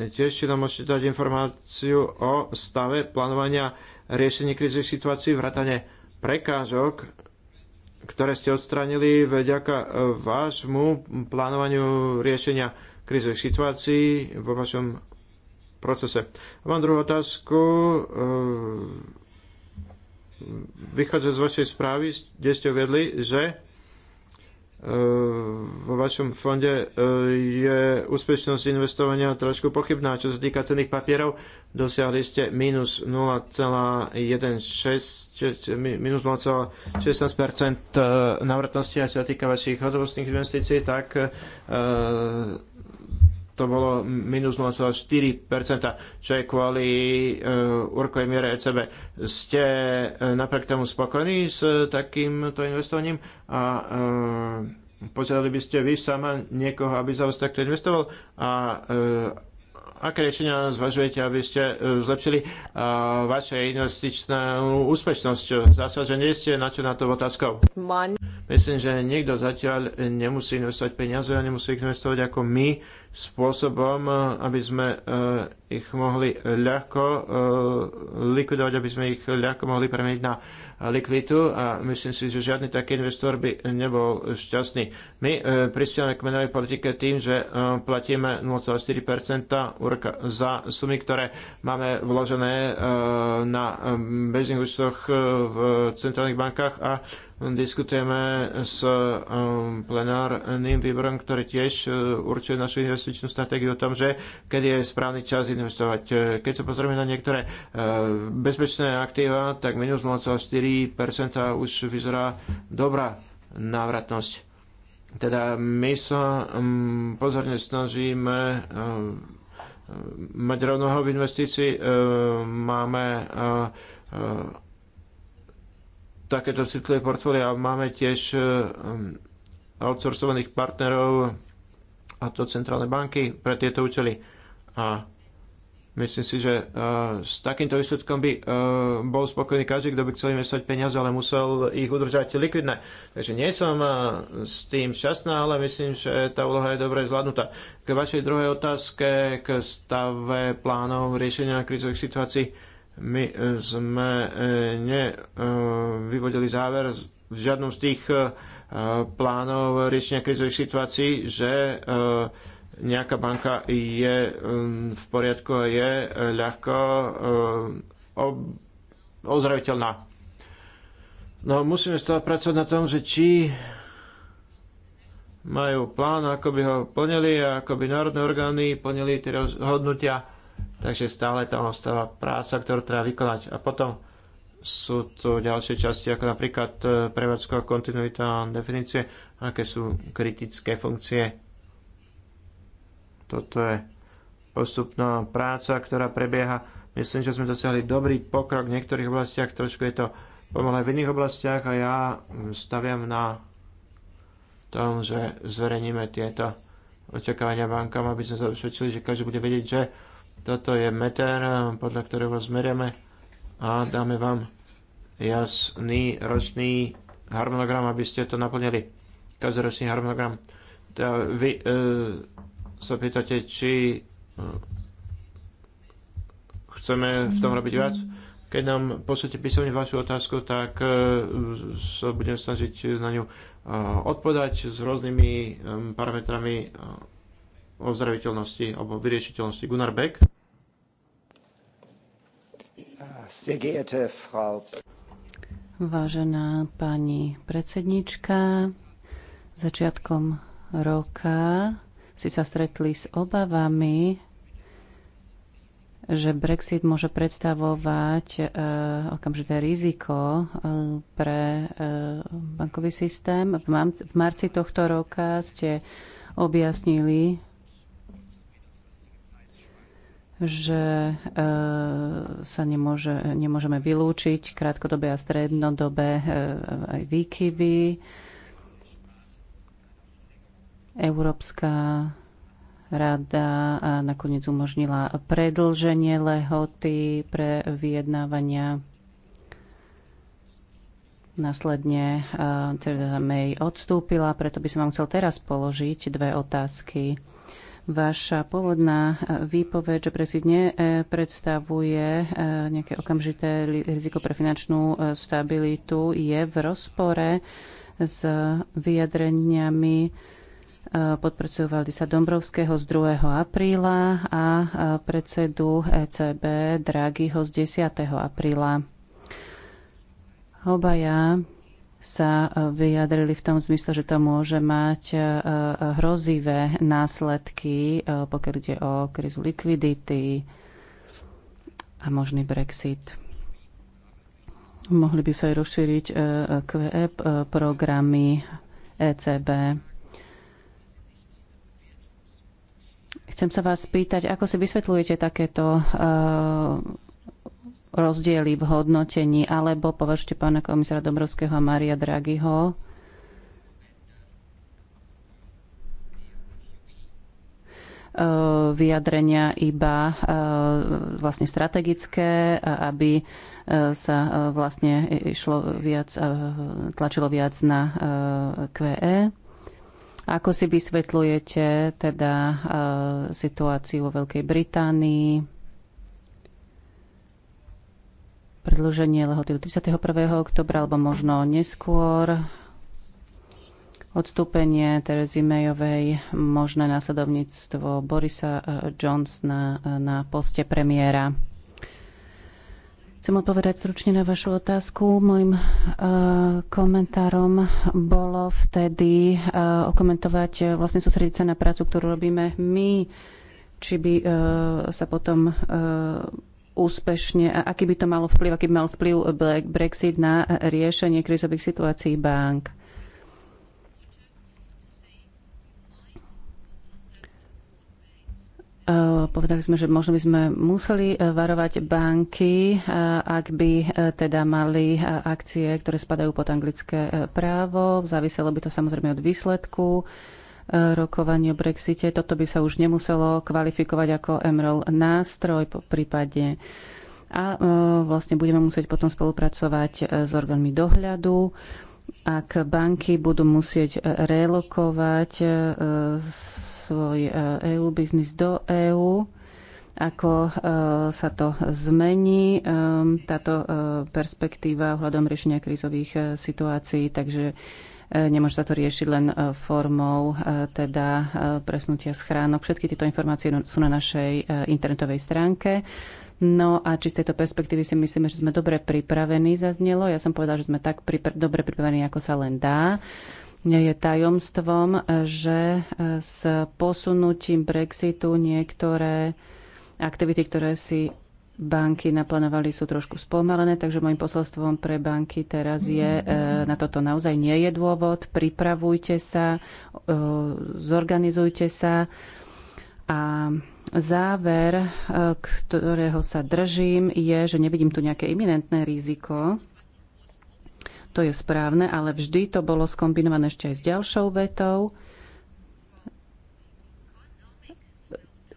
tiež či nám môžete dať informáciu o stave plánovania riešenie krízových situácií, vrátane prekážok, ktoré ste odstránili vďaka e, vášmu plánovaniu riešenia krizových situácií vo vašom procese. Mám druhú otázku. E, vychádza z vašej správy, kde ste uvedli, že vo vašom fonde e, je úspešnosť investovania trošku pochybná. Čo sa týka cených papierov, dosiahli ste minus 0,16 e, minus 0,16 e, návratnosti a čo sa týka vašich hotovostných investícií, tak to bolo minus 0,4%, čo je kvôli uh, e, úrokovej miere ECB. Ste uh, napriek tomu spokojní s uh, takýmto investovaním a uh, požiadali by ste vy sama niekoho, aby za vás takto investoval a uh, aké riešenia zvažujete, aby ste zlepšili uh, vaše investičnú úspešnosť? Zase, že nie ste na čo na to otázkou. Myslím, že nikto zatiaľ nemusí investovať peniaze a nemusí ich investovať ako my spôsobom, aby sme eh, ich mohli ľahko eh, likvidovať, aby sme ich ľahko mohli premeniť na likvitu a myslím si, že žiadny taký investor by nebol šťastný. My e, prispievame k menovej politike tým, že e, platíme 0,4% za sumy, ktoré máme vložené e, na bežných účtoch v centrálnych bankách a diskutujeme s plenárnym výborom, ktorý tiež určuje našu investičnú stratégiu o tom, že kedy je správny čas investovať. Keď sa pozrieme na niektoré bezpečné aktíva, tak minus 0,4 3% už vyzerá dobrá návratnosť. Teda my sa mm, pozorne snažíme mm, mať rovnoho v investícii. E, máme e, e, takéto citlivé portfólia. Máme tiež mm, outsourcovaných partnerov a to centrálne banky pre tieto účely. A Myslím si, že e, s takýmto výsledkom by e, bol spokojný každý, kto by chcel investovať peniaze, ale musel ich udržať likvidné. Takže nie som e, s tým šťastná, ale myslím, že tá úloha je dobre zvládnutá. K vašej druhej otázke, k stave plánov riešenia krizových situácií, my sme nevyvodili záver v žiadnom z tých plánov riešenia krizových situácií, že nejaká banka je um, v poriadku a je eh, ľahko eh, ozdraviteľná. No musíme stále pracovať na tom, že či majú plán, ako by ho plnili a ako by národné orgány plnili tie rozhodnutia. Takže stále tam ostáva práca, ktorú treba vykonať. A potom sú tu ďalšie časti, ako napríklad eh, prevádzková kontinuita a definície, aké sú kritické funkcie toto je postupná práca, ktorá prebieha. Myslím, že sme dosiahli dobrý pokrok v niektorých oblastiach, trošku je to pomalé v iných oblastiach a ja staviam na tom, že zverejníme tieto očakávania bankám, aby sme zabezpečili, že každý bude vedieť, že toto je meter, podľa ktorého zmerieme a dáme vám jasný ročný harmonogram, aby ste to naplnili. Každoročný harmonogram. vy e, sa pýtate, či hm, chceme v tom robiť viac. Keď nám pošlete písomne vašu otázku, tak hm, sa budem snažiť na ňu hm, odpovedať s rôznymi parametrami ozdraviteľnosti alebo vyriešiteľnosti. Gunnar Beck. Vážená pani predsednička, začiatkom roka si sa stretli s obavami, že Brexit môže predstavovať e, okamžité riziko e, pre e, bankový systém. V marci tohto roka ste objasnili, že sa nemôže, nemôžeme vylúčiť krátkodobé a strednodobé aj výkyvy Európska rada a nakoniec umožnila predlženie lehoty pre vyjednávania. Následne teda May odstúpila, preto by som vám chcel teraz položiť dve otázky. Vaša pôvodná výpoveď, že dne nepredstavuje nejaké okamžité riziko pre finančnú stabilitu, je v rozpore s vyjadreniami podpredsedovali sa Dombrovského z 2. apríla a predsedu ECB Draghiho z 10. apríla. Obaja sa e, vyjadrili v tom zmysle, že to môže mať e, e, hrozivé následky, pokiaľ ide o krizu likvidity a možný Brexit. Mohli by sa aj rozšíriť QE programy ECB Chcem sa vás spýtať, ako si vysvetľujete takéto eh, rozdiely v hodnotení, alebo považte pána komisára Dobrovského a Maria Draghiho eh, vyjadrenia iba eh, vlastne strategické, aby sa vlastne išlo viac, tlačilo viac na QE. Ako si vysvetľujete teda eh, situáciu vo Veľkej Británii? Predloženie lehoty do 31. oktobra alebo možno neskôr. Odstúpenie Terezy Mayovej, možné následovníctvo Borisa eh, Johnsona eh, na poste premiéra. Chcem odpovedať stručne na vašu otázku. Mojim uh, komentárom bolo vtedy uh, okomentovať, uh, vlastne sústrediť sa na prácu, ktorú robíme my, či by uh, sa potom uh, úspešne, a aký by to malo vplyv, aký by mal vplyv Brexit na riešenie krizových situácií bank. Eh, povedali sme, že možno by sme museli eh, varovať banky, eh, ak by teda mali akcie, ktoré spadajú pod anglické právo. Záviselo by to samozrejme od výsledku rokovania o Brexite. Toto by sa už nemuselo kvalifikovať ako MRL nástroj po prípade. A vlastne budeme musieť potom spolupracovať s orgánmi dohľadu ak banky budú musieť e, relokovať e, svoj EU e biznis do EÚ, ako sa to zmení, táto perspektíva ohľadom riešenia krízových situácií. Takže Nemôže sa to riešiť len e, formou e, teda e, presnutia schránok. Všetky tieto informácie sú na našej internetovej stránke. No a či z tejto perspektívy si myslíme, že sme dobre pripravení, zaznelo. Ja som povedala, že sme tak pripra- dobre pripravení, ako sa len dá. Nie je tajomstvom, že s posunutím Brexitu niektoré aktivity, ktoré si banky naplánovali, sú trošku spomalené, takže môjim posolstvom pre banky teraz je, e, na toto naozaj nie je dôvod, pripravujte sa, e, zorganizujte sa a záver, e, ktorého sa držím, je, že nevidím tu nejaké iminentné riziko, to je správne, ale vždy to bolo skombinované ešte aj s ďalšou vetou,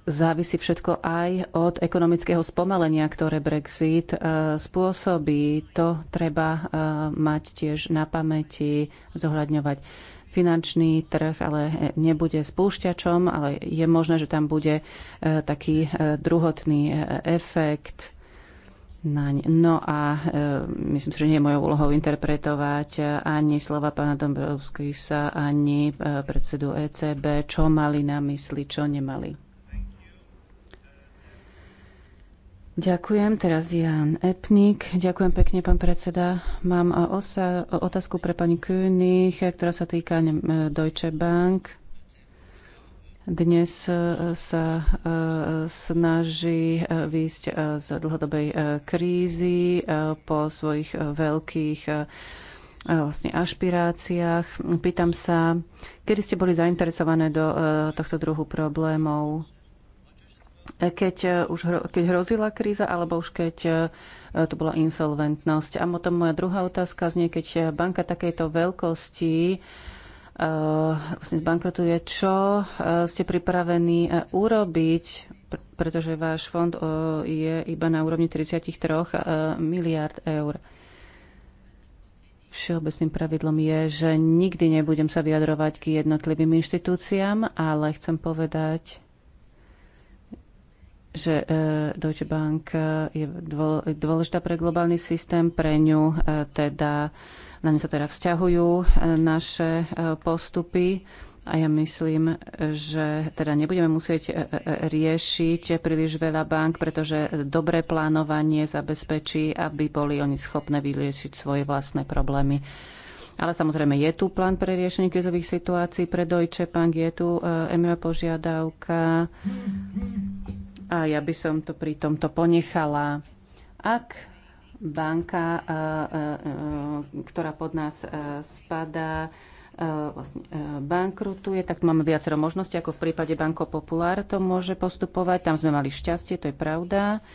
závisí všetko aj od ekonomického spomalenia, ktoré Brexit e, spôsobí. To treba e, mať tiež na pamäti, zohľadňovať finančný trh, ale nebude spúšťačom, ale je možné, že tam bude e, taký druhotný efekt naň. No a myslím si, že nie je mojou úlohou interpretovať ani slova pána Dombrovského, ani predsedu ECB, čo mali na mysli, čo nemali. Ďakujem, teraz Jan Epnik. Ďakujem pekne, pán predseda. Mám e, osa, otázku pre pani König, ktorá sa týka e, Deutsche Bank. Dnes e, sa snaží výjsť z dlhodobej krízy po svojich veľkých vlastne ašpiráciách. Pýtam sa, kedy ste boli zainteresované do tohto druhu problémov? keď, eh, už, keď hrozila kríza alebo už keď eh, eh, to bola insolventnosť. A potom moja druhá otázka znie, keď banka takejto veľkosti vlastne zbankrotuje, čo ste pripravení urobiť, pretože váš fond je iba na úrovni 33 miliard eur. Všeobecným pravidlom je, že nikdy nebudem sa vyjadrovať k jednotlivým inštitúciám, ale chcem povedať, že e, Deutsche Bank e, je dôležitá pre globálny systém, pre ňu e, teda, na ňu sa teda vzťahujú naše postupy a ja myslím, že teda nebudeme musieť riešiť príliš veľa bank, pretože dobré plánovanie zabezpečí, aby boli oni schopné vyriešiť svoje vlastné problémy. Ale samozrejme je tu plán pre riešenie krizových situácií pre Deutsche Bank, je tu Emira požiadavka a ja by som to pri tomto ponechala. Ak banka, e, e, e, ktorá pod nás spadá, vlastne bankrutuje, tak máme viacero možností, ako v prípade Banko Popular to môže postupovať. Tam sme mali šťastie, to je pravda.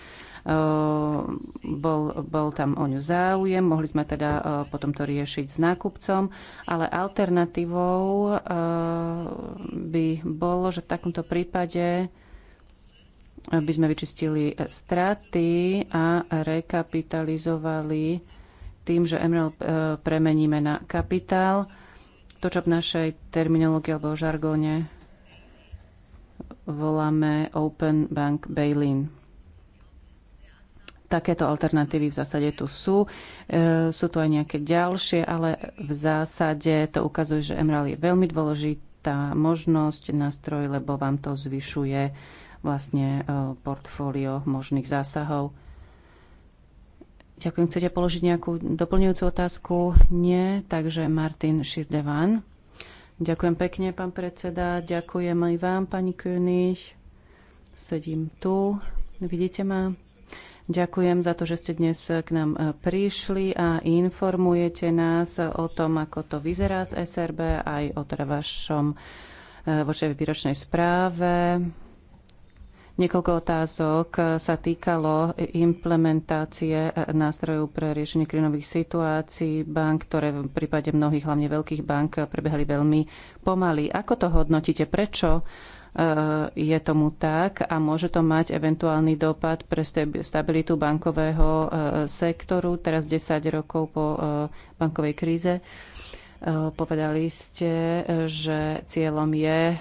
Bol, bol tam o ňu záujem, mohli sme teda potom to riešiť s nákupcom, ale alternatívou by bolo, že v takomto prípade aby sme vyčistili straty a rekapitalizovali tým, že MRL e, premeníme na kapitál. To, čo v našej terminológii alebo žargóne voláme Open Bank Bail-in. Takéto alternatívy v zásade tu sú. E, sú tu aj nejaké ďalšie, ale v zásade to ukazuje, že MRL je veľmi dôležitá možnosť, nástroj, lebo vám to zvyšuje vlastne e, portfólio možných zásahov. Ďakujem. Chcete položiť nejakú doplňujúcu otázku? Nie. Takže Martin Širdevan. Ďakujem pekne, pán predseda. Ďakujem aj vám, pani König. Sedím tu. Vidíte ma? Ďakujem za to, že ste dnes k nám e, prišli a informujete nás o tom, ako to vyzerá z SRB, aj o teda vašom, e, vašej výročnej správe. Niekoľko otázok sa týkalo implementácie nástrojov pre riešenie krinových situácií bank, ktoré v prípade mnohých, hlavne veľkých bank, prebehali veľmi pomaly. Ako to hodnotíte? Prečo e, je tomu tak a môže to mať eventuálny dopad pre stabilitu bankového e, sektoru teraz 10 rokov po e, bankovej kríze? Eh, povedali ste, eh, že cieľom je eh,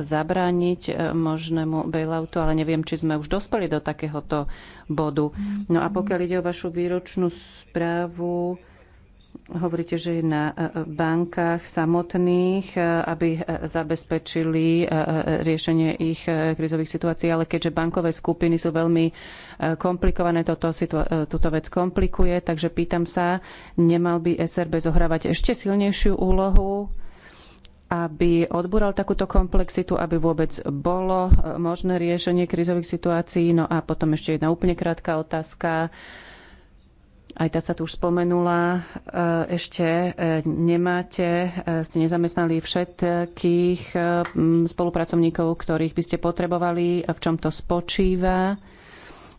zabrániť možnému bailoutu, ale neviem, či sme už dospeli do takéhoto bodu. No a pokiaľ ide o vašu výročnú správu, Hovoríte, že je na e, e, bankách samotných, e, aby zabezpečili riešenie ich krizových situácií, ale keďže bankové skupiny sú veľmi komplikované, toto, túto vec komplikuje, takže pýtam sa, nemal by SRB zohrávať ešte silnejšiu úlohu, aby odbúral takúto komplexitu, aby vôbec bolo možné riešenie krizových situácií. No a potom ešte jedna úplne krátka otázka aj tá sa tu už spomenula, e, ešte e, nemáte, e, ste nezamestnali všetkých spolupracovníkov, ktorých by ste potrebovali, v čom to spočíva.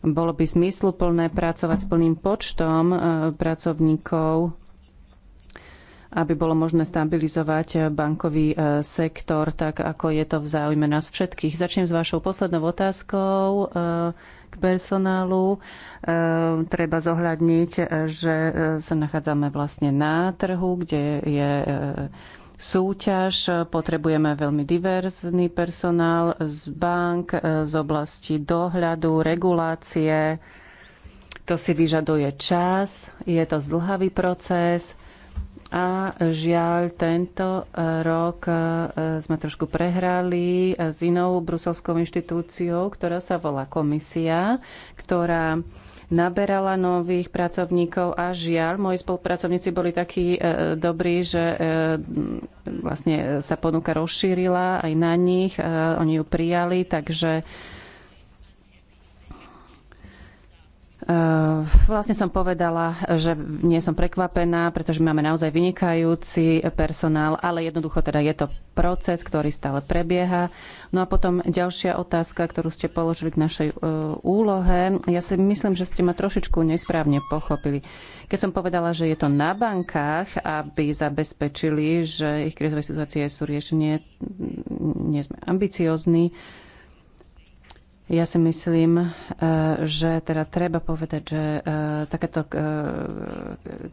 Bolo by zmysluplné pracovať s plným počtom pracovníkov aby bolo možné stabilizovať eh, bankový eh, sektor, tak ako je to v záujme nás všetkých. Začnem s vašou poslednou otázkou eh, k personálu. Treba zohľadniť, že sa nachádzame vlastne na trhu, kde je súťaž, potrebujeme veľmi diverzný personál z bank, z oblasti dohľadu, regulácie. To si vyžaduje čas, je to zdlhavý proces a žiaľ, tento eh, rok eh, sme trošku prehrali eh, s inou bruselskou inštitúciou, ktorá sa volá komisia, ktorá naberala nových pracovníkov a žiaľ, moji spolupracovníci boli takí e, dobrí, že e, vlastne sa ponuka rozšírila aj na nich, e, oni ju prijali, takže Eh, vlastne som povedala, že nie som prekvapená, pretože máme naozaj vynikajúci personál, ale jednoducho teda je to proces, ktorý stále prebieha. No a potom ďalšia otázka, ktorú ste položili k našej eh, úlohe. Ja si myslím, že ste ma trošičku nesprávne pochopili. Keď som povedala, že je to na bankách, aby zabezpečili, že ich krizové situácie sú riešenie, mm, nie sme ambiciozní, ja si myslím, eh, že teda treba povedať, že eh, takéto, eh,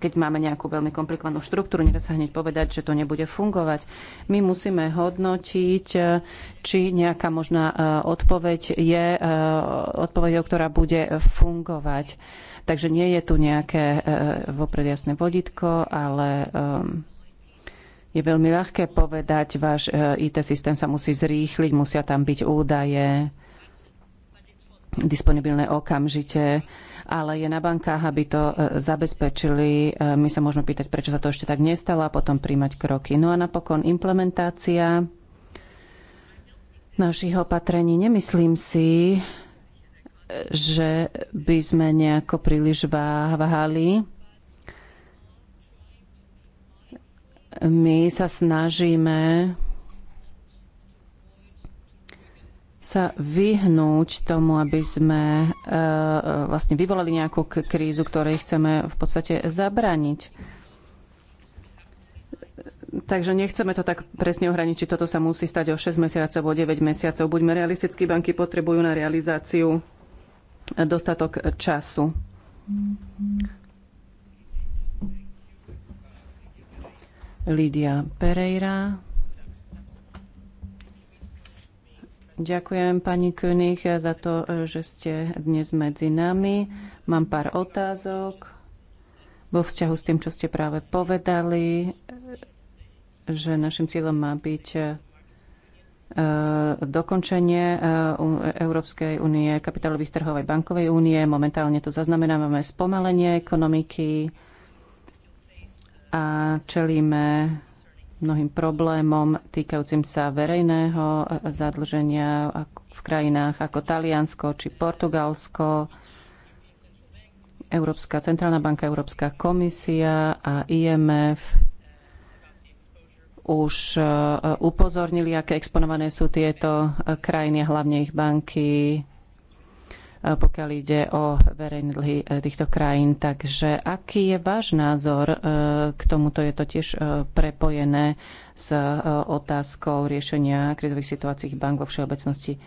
keď máme nejakú veľmi komplikovanú štruktúru, nedá sa hneď povedať, že to nebude fungovať. My musíme hodnotiť, či nejaká možná odpoveď je odpovedou, ktorá bude fungovať. Takže nie je tu nejaké vopred jasné vodítko, ale je veľmi ľahké povedať, váš IT systém sa musí zrýchliť, musia tam byť údaje, disponibilné okamžite, ale je na bankách, aby to e, zabezpečili. E, my sa môžeme pýtať, prečo sa to ešte tak nestalo a potom príjmať kroky. No a napokon implementácia našich opatrení. Nemyslím si, že by sme nejako príliš váhali. My sa snažíme sa vyhnúť tomu, aby sme e, e, vlastne vyvolali nejakú krízu, ktorej chceme v podstate zabraniť. Takže nechceme to tak presne ohraničiť, toto sa musí stať o 6 mesiacov, o 9 mesiacov. Buďme realistickí, banky potrebujú na realizáciu dostatok času. Lídia Pereira. Ďakujem pani König za to, že ste dnes medzi nami. Mám pár otázok vo vzťahu s tým, čo ste práve povedali, že našim cieľom má byť e, dokončenie e, Európskej únie, kapitálových trhov aj bankovej únie. Momentálne tu zaznamenávame spomalenie ekonomiky a čelíme mnohým problémom týkajúcim sa verejného zadlženia v krajinách ako Taliansko či Portugalsko. Európska centrálna banka, Európska komisia a IMF už e, upozornili, aké exponované sú tieto e, krajiny, hlavne ich banky Eh, pokiaľ ide o verejné dlhy eh, týchto krajín. Takže aký je váš názor eh, k tomuto? Je to tiež prepojené s otázkou riešenia krizových situácií bank vo všeobecnosti.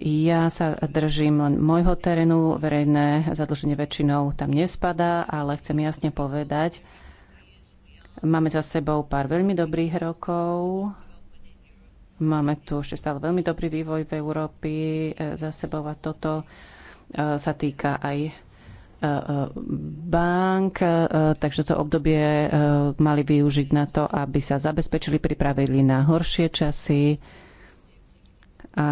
Ja sa držím len môjho terénu, verejné zadlženie väčšinou tam nespadá, ale chcem jasne povedať, máme za sebou pár veľmi dobrých rokov, Máme tu ešte stále veľmi dobrý vývoj v Európy e, za sebou a toto e, sa týka aj e, bank, takže to obdobie mali využiť na to, aby sa zabezpečili, pripravili na horšie časy a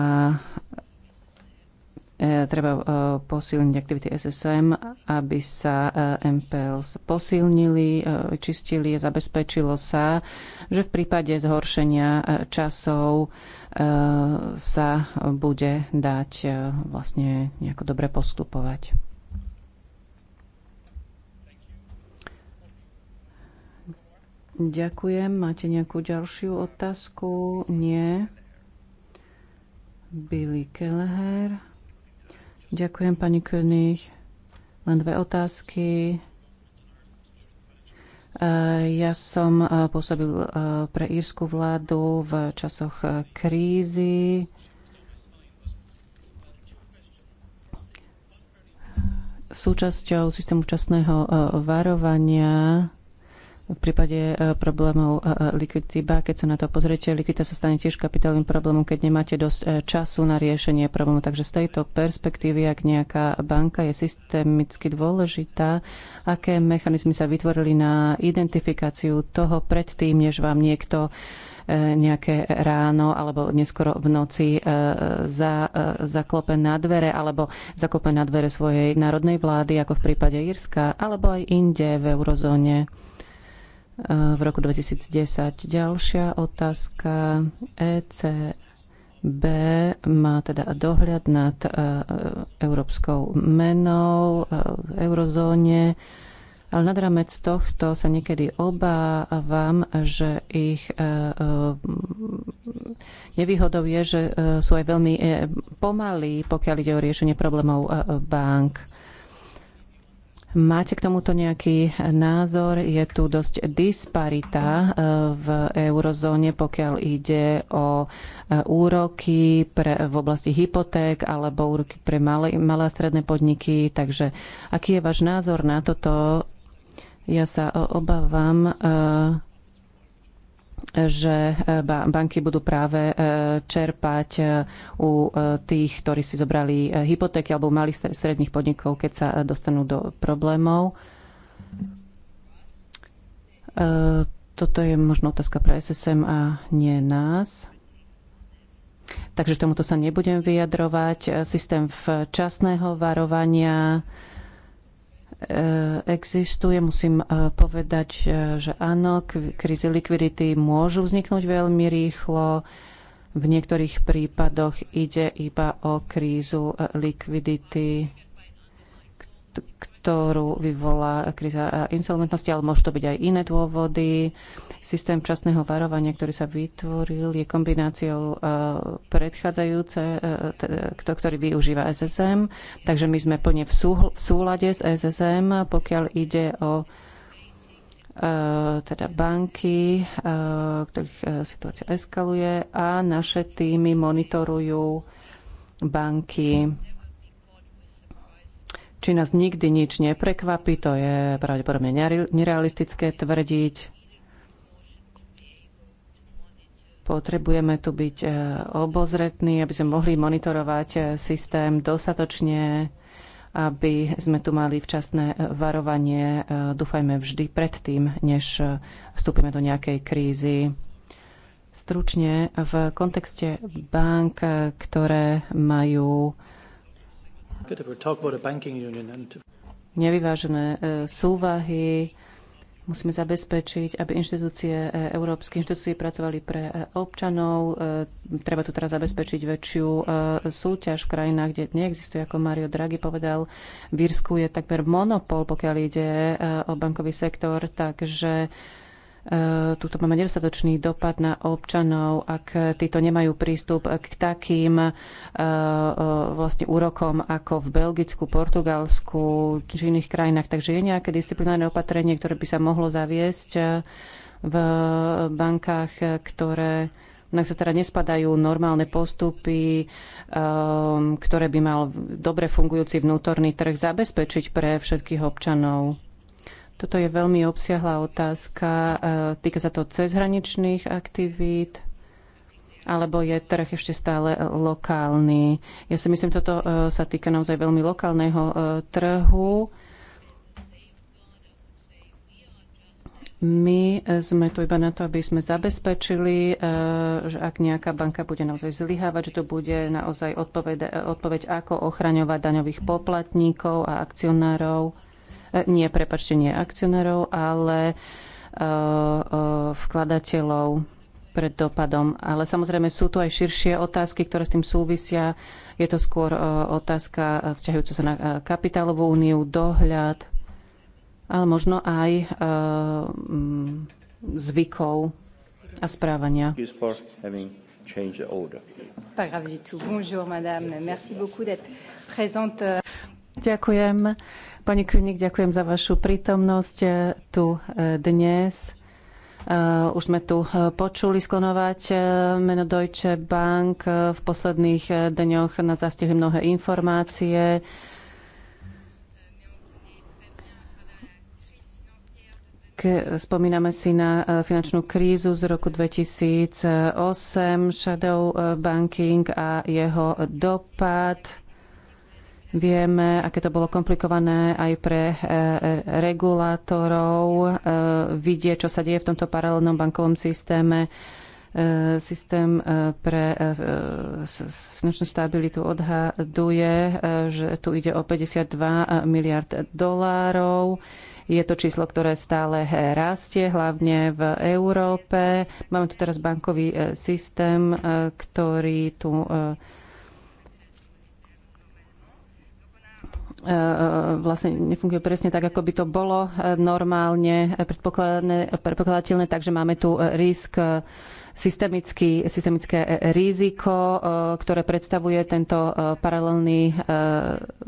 treba posilniť aktivity SSM, aby sa MPLs posilnili, čistili, zabezpečilo sa, že v prípade zhoršenia e, časov e, sa bude dať e, vlastne nejako dobre postupovať. Ďakujem. Máte nejakú ďalšiu otázku? Nie. Billy Kelleher. Ďakujem, pani König. Len dve otázky. Eh, ja som eh, pôsobil eh, pre írskú vládu v časoch krízy. Súčasťou systému časného varovania v prípade e, problémov e, e, likvidity, keď sa na to pozriete, likvidita sa stane tiež kapitálnym problémom, keď nemáte dosť času na riešenie problému. Takže z tejto perspektívy, ak nejaká banka je systemicky dôležitá, aké mechanizmy sa vytvorili na identifikáciu toho predtým, než vám niekto nejaké ráno alebo neskoro v noci za, zaklope na dvere alebo zaklope na dvere svojej národnej vlády, ako v prípade Írska, alebo aj inde v eurozóne v roku 2010. Ďalšia otázka. ECB má teda dohľad nad e, európskou menou e, v eurozóne, ale nad rámec tohto sa niekedy obávam, že ich e, nevýhodou je, že sú aj veľmi pomalí, pokiaľ ide o riešenie problémov bank. Máte k tomuto nejaký názor? Je tu dosť disparita eh, v eurozóne, pokiaľ ide o eh, úroky pre, v oblasti hypoték alebo úroky pre malé, malé a stredné podniky. Takže aký je váš názor na toto? Ja sa eh, obávam, že e, banky budú práve e, čerpať e, u tých, ktorí si zobrali hypotéky alebo malých stredných podnikov, keď sa dostanú do problémov. Toto je možno otázka pre SSM a nie nás. Takže tomuto sa nebudem vyjadrovať. Systém včasného varovania E, existuje. Musím e, povedať, e, že áno, krízy likvidity môžu vzniknúť veľmi rýchlo. V niektorých prípadoch ide iba o krízu likvidity ktorú vyvolá kríza insolventnosti, ale môžu to byť aj iné dôvody. Systém časného varovania, ktorý sa vytvoril, je kombináciou e, predchádzajúce, e, ktorý využíva SSM. Takže my sme plne v súlade s SSM, pokiaľ ide o e, teda banky, ktorých situácia eskaluje a naše týmy monitorujú banky či nás nikdy nič neprekvapí, to je pravdepodobne nerealistické tvrdiť. Potrebujeme tu byť e, obozretní, aby sme mohli monitorovať e, systém dostatočne, aby sme tu mali včasné e, varovanie, dúfajme vždy predtým, než vstúpime do nejakej krízy. Stručne v kontexte bank, ktoré majú Nevyvážené e, súvahy, Musíme zabezpečiť, aby inštitúcie, e, európske inštitúcie pracovali pre e, občanov. Treba tu teraz zabezpečiť väčšiu súťaž v krajinách, kde neexistuje, ako Mario Draghi povedal. V Írsku je takmer monopol, pokiaľ ide o bankový sektor, takže E, tuto máme nedostatočný dopad na občanov, ak títo nemajú prístup k takým e, e, vlastne úrokom ako v Belgicku, Portugalsku či iných krajinách. Takže je nejaké disciplinárne opatrenie, ktoré by sa mohlo zaviesť v bankách, ktoré na sa teda nespadajú normálne postupy, ktoré by mal dobre fungujúci vnútorný trh zabezpečiť pre všetkých občanov. Toto je veľmi obsiahla otázka. E, týka sa to cezhraničných aktivít, alebo je trh ešte stále e, lokálny. Ja si myslím, toto e, sa týka naozaj veľmi lokálneho trhu. My sme tu iba na to, aby sme zabezpečili, že ak nejaká banka bude naozaj zlyhávať, že to bude naozaj odpoveď, odpoveď ako ochraňovať daňových poplatníkov a akcionárov nie, prepačte, nie akcionárov, ale e, e, vkladateľov pred dopadom. Ale samozrejme sú tu aj širšie otázky, ktoré s tým súvisia. Je to skôr e, otázka vzťahujúca sa na kapitálovú úniu, dohľad, ale možno aj zvykov a správania. Ďakujem. Pani Kunik, ďakujem za vašu prítomnosť eh, tu eh, dnes. Eh, už sme tu počuli sklonovať meno Deutsche Bank. V posledných dňoch nás zastihli mnohé informácie. spomíname si na finančnú krízu z roku 2008, shadow banking a jeho dopad. Vieme, aké to bolo komplikované aj pre e, e, regulátorov e, vidie, čo sa deje v tomto paralelnom bankovom systéme. Systém pre finančnú stabilitu odhaduje, že tu ide o 52 miliard dolárov. Je to číslo, ktoré stále rastie, hlavne v Európe. Máme tu teraz bankový systém, ktorý tu E, vlastne nefunguje presne tak, ako by to bolo e, normálne e, predpokladateľné, takže máme tu risk systemický, systemické riziko, ktoré predstavuje tento paralelný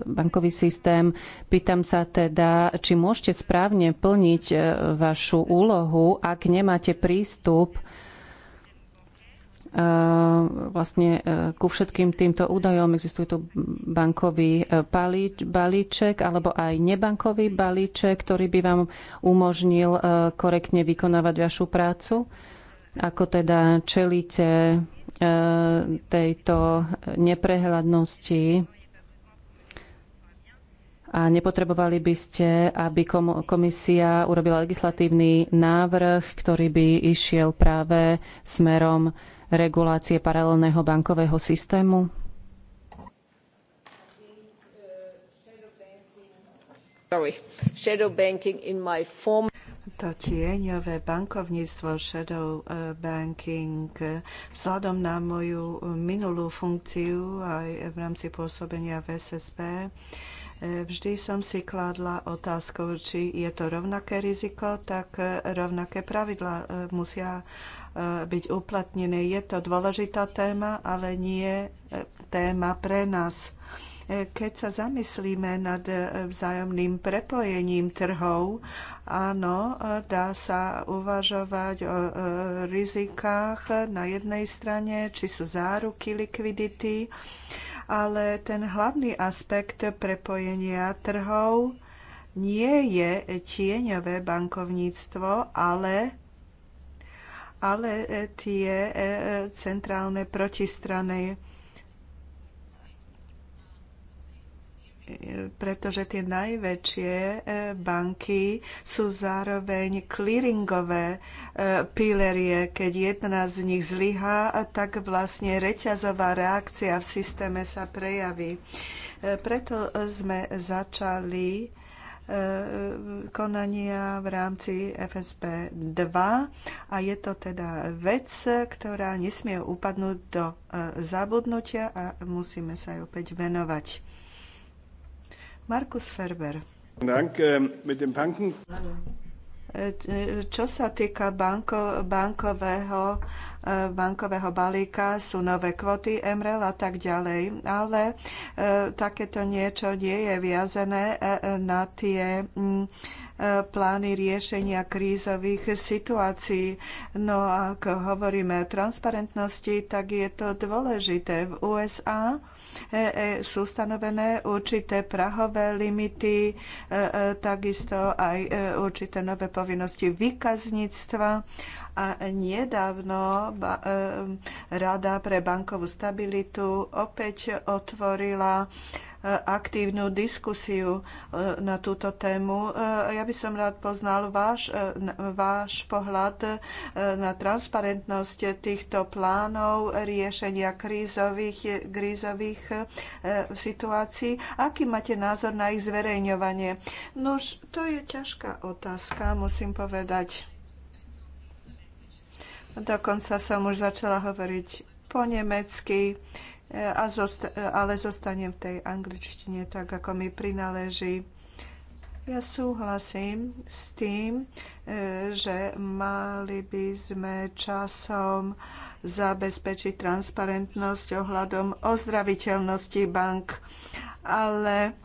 bankový systém. Pýtam sa teda, či môžete správne plniť vašu úlohu, ak nemáte prístup Eh, vlastne eh, ku všetkým týmto údajom. Existuje tu bankový eh, balíček alebo aj nebankový balíček, ktorý by vám umožnil korektne vykonávať vašu prácu. Ako teda čelíte tejto neprehľadnosti a nepotrebovali by ste, aby komisia urobila legislatívny návrh, ktorý by išiel práve smerom regulácie paralelného bankového systému? To tieňové bankovníctvo, shadow eh, banking, vzhľadom na moju minulú funkciu aj v rámci pôsobenia v SSB, eh, vždy som si kladla otázku, či je to rovnaké riziko, tak eh, rovnaké pravidla musia byť uplatnené. Je to dôležitá téma, ale nie e, téma pre nás. E, keď sa zamyslíme nad e, vzájomným prepojením trhov, áno, dá sa uvažovať o rizikách na jednej strane, či sú záruky likvidity, ale ten hlavný aspekt prepojenia trhov nie je tieňové bankovníctvo, ale ale e, tie e, centrálne protistrany. pretože tie najväčšie e, banky sú zároveň clearingové pilerie. Keď jedna z nich zlyhá, tak vlastne reťazová reakcia v systéme sa prejaví. Preto sme začali E, e, konania v rámci FSB 2 a je to teda vec, ktorá nesmie upadnúť do e, zabudnutia a musíme sa ju opäť venovať. Markus Ferber. Dank, mit dem Banken. Čo sa týka banko, bankového, eh, bankového balíka, sú nové kvoty MREL a tak ďalej, ale eh, takéto niečo nie je viazené eh, na tie mm, plány riešenia krízových situácií. No a ak hovoríme o transparentnosti, tak je to dôležité. V USA e, e, sú stanovené určité prahové limity, e, takisto aj určité nové povinnosti vykazníctva a nedávno Rada pre bankovú stabilitu opäť otvorila aktívnu diskusiu e, na túto tému. E, ja by som rád poznal váš, e, váš pohľad na transparentnosť týchto plánov riešenia krízových, krízových situácií. Aký máte názor na ich zverejňovanie? Nož, to je ťažká otázka, musím povedať. Dokonca som už začala hovoriť po nemecky a zost- ale zostanem v tej angličtine tak, ako mi prináleží. Ja súhlasím s tým, e, že mali by sme časom zabezpečiť transparentnosť ohľadom ozdraviteľnosti bank, ale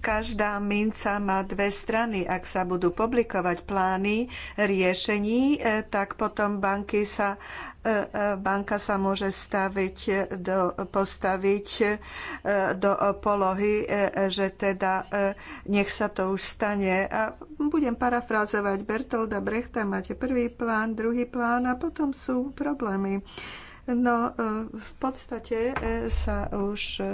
každá minca má dve strany. Ak sa budú publikovať plány riešení, e, tak potom banky sa, e, e, banka sa môže staviť do, postaviť do polohy, že teda nech sa to už stane. A budem parafrázovať Bertolda Brechta, máte prvý plán, druhý plán a potom sú problémy. No, e, v podstate e, sa už e,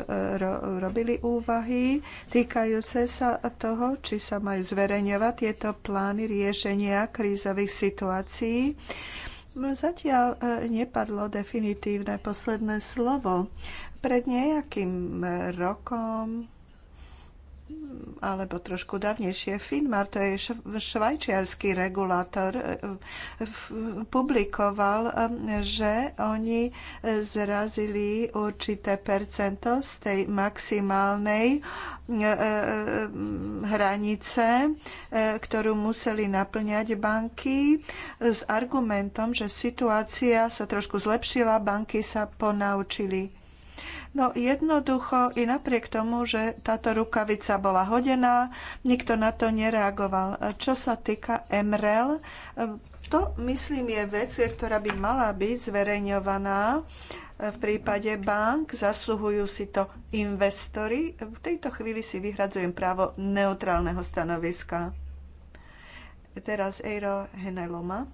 ro- robili úvahy týkajúce sa toho, či sa majú zverejňovať tieto plány riešenia krízových situácií. Zatiaľ nepadlo definitívne posledné slovo. Pred nejakým rokom alebo trošku dávnejšie Finmar, to je švajčiarský regulátor, e, publikoval, e, že oni zrazili určité percento z tej maximálnej e, hranice, ktorú museli naplňať banky s argumentom, že situácia sa trošku zlepšila, banky sa ponaučili No jednoducho, i napriek tomu, že táto rukavica bola hodená, nikto na to nereagoval. Čo sa týka MREL, to myslím je vec, ktorá by mala byť zverejňovaná v prípade bank, zasluhujú si to investori. V tejto chvíli si vyhradzujem právo neutrálneho stanoviska. Teraz Eiro Heneloma.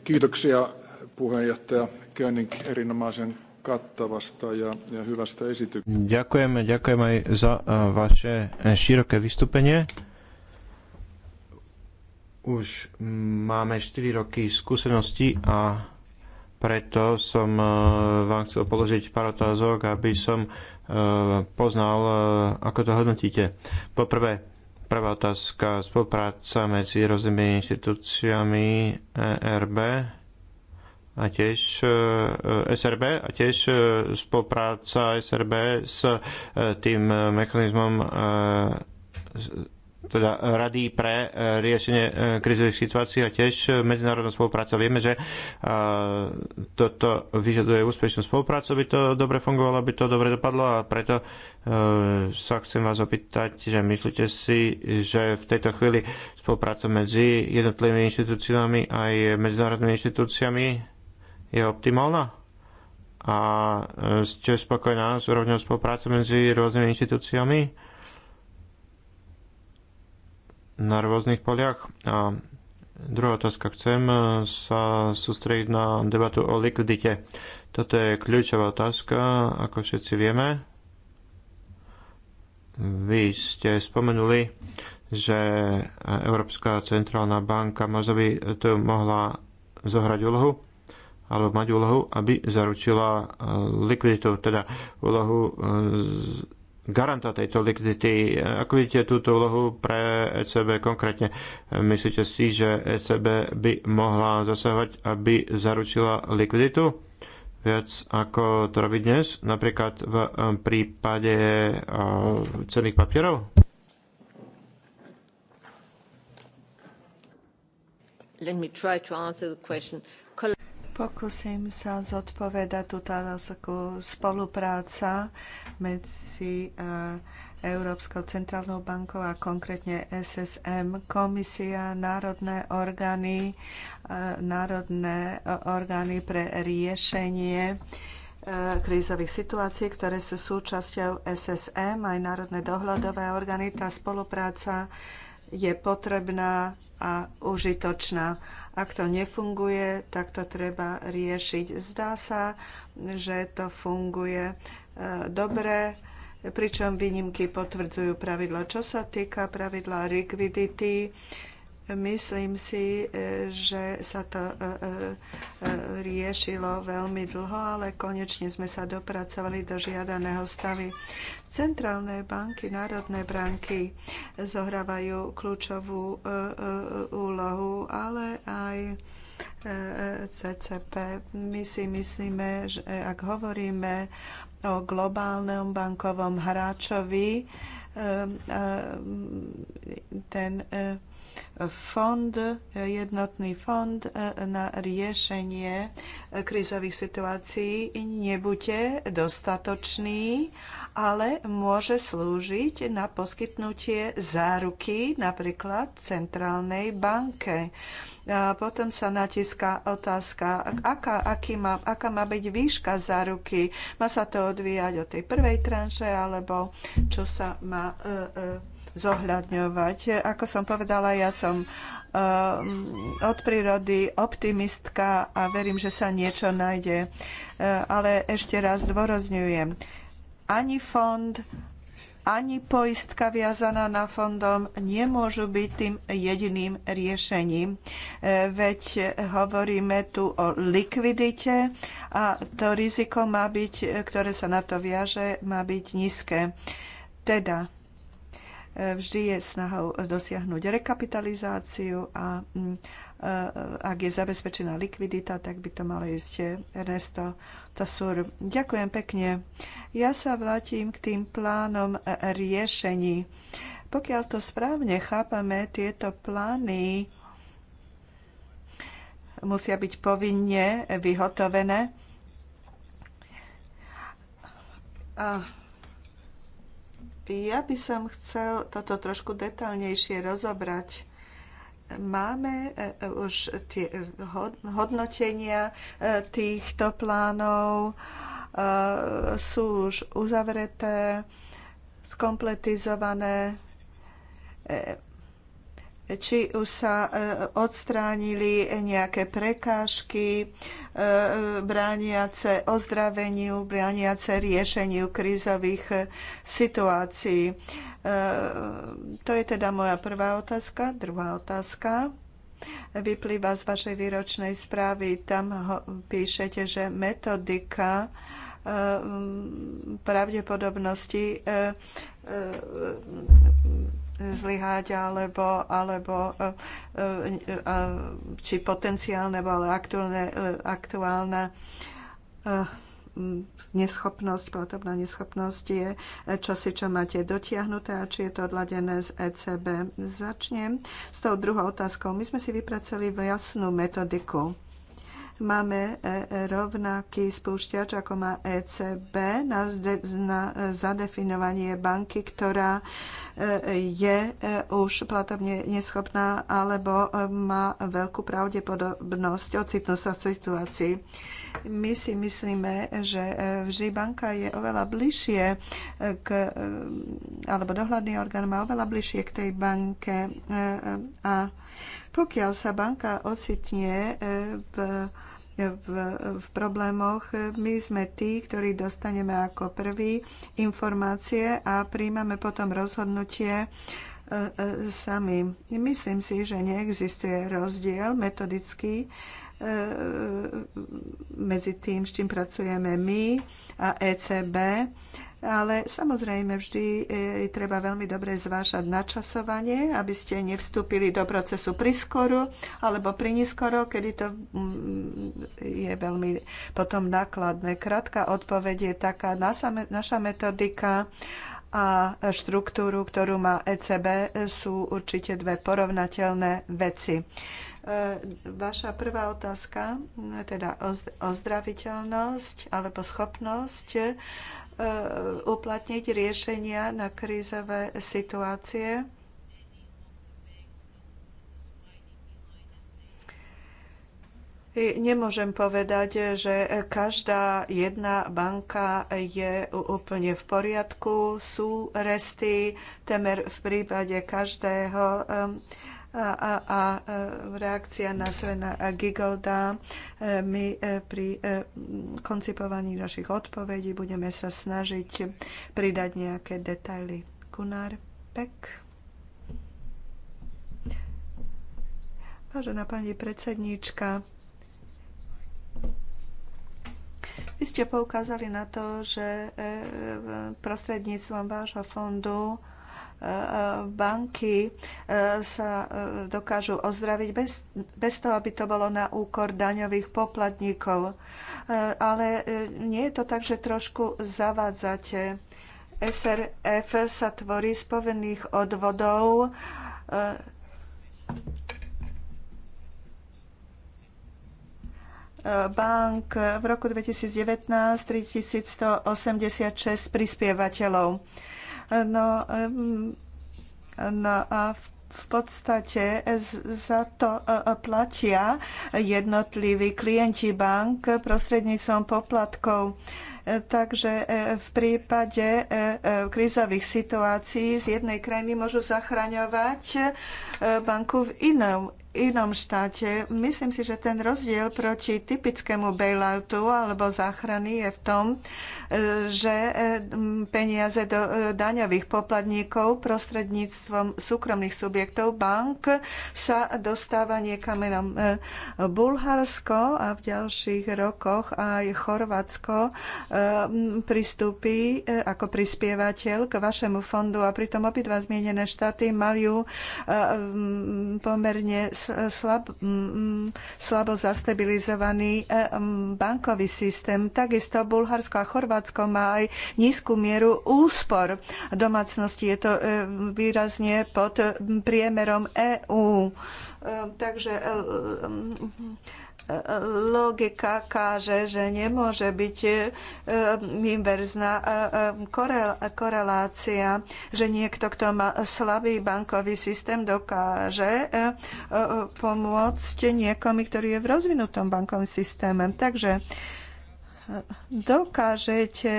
Kiitoksia puheenjohtaja König erinomaisen kattavasta ja, ja hyvästä esityksestä. Ďakujeme, ďakujem aj za eh, vaše eh, široké vystúpenie. Už máme 4 roky skúsenosti a preto som eh, vám chcel položiť pár otázok, aby som poznal, ako to hodnotíte. Poprvé, prvá otázka, spolupráca medzi rôznymi inštitúciami ERB a tiež e, e, SRB a tiež e, spolupráca SRB s tým mechanizmom teda rady pre riešenie krizových situácií a tiež medzinárodná spolupráca. Vieme, že toto vyžaduje úspešnú spoluprácu, aby to dobre fungovalo, aby to dobre dopadlo a preto sa chcem vás opýtať, že myslíte si, že v tejto chvíli spolupráca medzi jednotlivými inštitúciami aj medzinárodnými inštitúciami je optimálna? A e, ste spokojná s úrovňou spolupráce medzi rôznymi inštitúciami na rôznych poliach? A Druhá otázka. Chcem e, sa sústrediť na debatu o likvidite. Toto je kľúčová otázka, ako všetci vieme. Vy ste spomenuli, že Európska centrálna banka možno by tu mohla zohrať úlohu alebo mať úlohu, aby zaručila e, likviditu, teda úlohu e, garanta tejto likvidity. Ako vidíte túto úlohu pre ECB konkrétne? Myslíte si, že ECB by mohla zasahovať, aby zaručila likviditu? viac ako to robí dnes, napríklad v e, prípade cenných papierov? Let me try to answer the question. Pokúsim sa zodpovedať tú otázku spolupráca medzi e, Európskou centrálnou bankou a konkrétne SSM, komisia, národné orgány, e, národné orgány pre riešenie e, krízových situácií, ktoré sú súčasťou SSM, aj národné dohľadové orgány. Tá spolupráca je potrebná a užitočná. Ak to nefunguje, tak to treba riešiť. Zdá sa, že to funguje e, dobre, pričom výnimky potvrdzujú pravidlo. Čo sa týka pravidla rigvidity, Myslím si, e, že sa to e, e, riešilo veľmi dlho, ale konečne sme sa dopracovali do žiadaného stavy. Centrálne banky, národné banky zohrávajú kľúčovú úlohu, ale aj CCP. My si myslíme, že ak hovoríme o globálnom bankovom hráčovi, ten fond, jednotný fond e, na riešenie krízových situácií nebude dostatočný, ale môže slúžiť na poskytnutie záruky napríklad centrálnej banke. A potom sa natiská otázka, aká, aký má, aká má byť výška záruky. Má sa to odvíjať od tej prvej tranše, alebo čo sa má Uh, uh, zohľadňovať. Ako som povedala, ja som eh, od prírody optimistka a verím, že sa niečo nájde. Eh, ale ešte raz dôrozňujem, ani fond, ani poistka viazaná na fondom nemôžu byť tým jediným riešením. Eh, veď hovoríme tu o likvidite a to riziko má byť, ktoré sa na to viaže, má byť nízke. Teda vždy je snahou dosiahnuť rekapitalizáciu a mm, e, ak je zabezpečená likvidita, tak by to malo ísť Ernesto Tasur. Ďakujem pekne. Ja sa vrátim k tým plánom riešení. Pokiaľ to správne chápame, tieto plány musia byť povinne vyhotovené. A ja by som chcel toto trošku detaľnejšie rozobrať máme e, e, už tie e, hodnotenia týchto plánov, sú už uzavreté, skompletizované či už sa e, odstránili nejaké prekážky e, brániace ozdraveniu, brániace riešeniu krízových e, situácií. To je teda moja prvá otázka. Druhá otázka vyplýva z vašej výročnej správy. Tam píšete, že metodika pravdepodobnosti zlyhať, alebo, alebo e, e, či potenciálne, ale aktuálne, e, aktuálna neschopnosť, platobná neschopnosť je si čo máte dotiahnuté a či je to odladené z ECB. Začnem s tou druhou otázkou. My sme si vypraceli jasnú metodiku Máme e, e, rovnaký spúšťač, ako má ECB na, e, zadefinovanie banky, ktorá je už platovne neschopná alebo má veľkú pravdepodobnosť ocitnúť sa v situácii. My si myslíme, že vždy banka je oveľa bližšie k, alebo dohľadný orgán má oveľa bližšie k tej banke a pokiaľ sa banka ocitne e, v e, v, v problémoch. E, my sme tí, ktorí dostaneme ako prvý informácie a príjmame potom rozhodnutie sami. Myslím si, že neexistuje rozdiel metodický E, e, medzi tým, s čím pracujeme my a ECB. Ale samozrejme vždy e, treba veľmi dobre zvážať načasovanie, aby ste nevstúpili do procesu priskoru alebo priniskoro, kedy to mm, je veľmi potom nákladné. Krátka odpoveď je taká, naša metodika a štruktúru, ktorú má ECB, sú určite dve porovnateľné veci. E, vaša prvá otázka, teda ozdraviteľnosť alebo schopnosť e, uplatniť riešenia na krízové situácie. Nemôžem povedať, že každá jedna banka je úplne v poriadku. Sú resty temer v prípade každého e, a, a, a e, reakcia na Svena Gigolda. E, my e, pri koncipovaní našich odpovedí budeme sa snažiť pridať nejaké detaily. Kunár Pek. Vážená pani predsedníčka, vy ste poukázali na to, že prostredníctvom vášho fondu banky e, sa e, dokážu ozdraviť bez, bez toho, aby to bolo na úkor daňových poplatníkov. E, ale nie je to tak, že trošku zavádzate. SRF sa tvorí z povinných odvodov bank v roku 2019 3186 prispievateľov. No, no a v v podstate za to e, e, platia jednotliví klienti bank prostredníctvom poplatkov. E, takže v prípade krízových situácií z jednej krajiny môžu zachraňovať banku v inom, inom štáte. Myslím si, že ten rozdiel proti typickému bailoutu alebo záchrany je v tom, e, že e, peniaze do e, daňových poplatníkov prostredníctvom súkromných subjektov bank sa dostáva niekam inom. Bulharsko a v ďalších rokoch aj Chorvátsko pristúpi ako prispievateľ k vašemu fondu a pritom obidva zmienené štáty majú pomerne slab, mm, slabo zastabilizovaný e, mm, bankový systém. Takisto Bulharsko a Chorvátsko má aj nízku mieru úspor domácnosti. Je to e, výrazne pod priemerom EÚ. E, takže logika káže, že nemôže byť e, e, inverzná e, korelácia, že niekto, kto má slabý bankový systém, dokáže pomôcť niekomu, ktorý je v rozvinutom bankovom systéme. Takže dokážete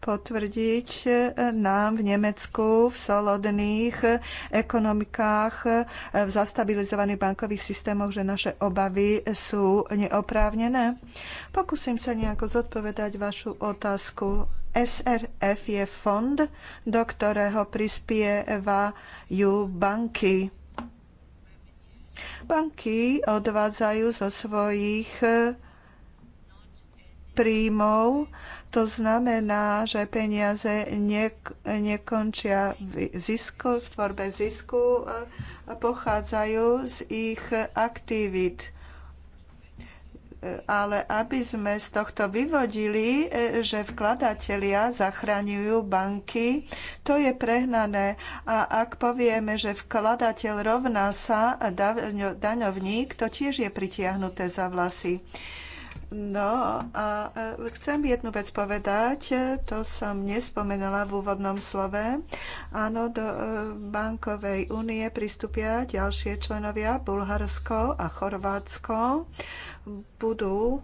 potvrdiť e, nám v Nemecku v solodných ekonomikách, e, v zastabilizovaných bankových systémoch, že naše obavy sú neoprávnené? Pokúsim sa nejako zodpovedať vašu otázku. SRF je fond, do ktorého prispievajú banky. Banky odvádzajú zo svojich e, príjmov to znamená, že peniaze nekončia v, zisku, v tvorbe zisku e, pochádzajú z ich aktivít e, ale aby sme z tohto vyvodili, e, že vkladatelia zachraňujú banky, to je prehnané. A ak povieme, že vkladateľ rovná sa daňovník, to tiež je pritiahnuté za vlasy. No a e, chcem jednu vec povedať, to som nespomenala v úvodnom slove. Áno, do e, bankovej únie pristúpia ďalšie členovia, Bulharsko a Chorvátsko. Budú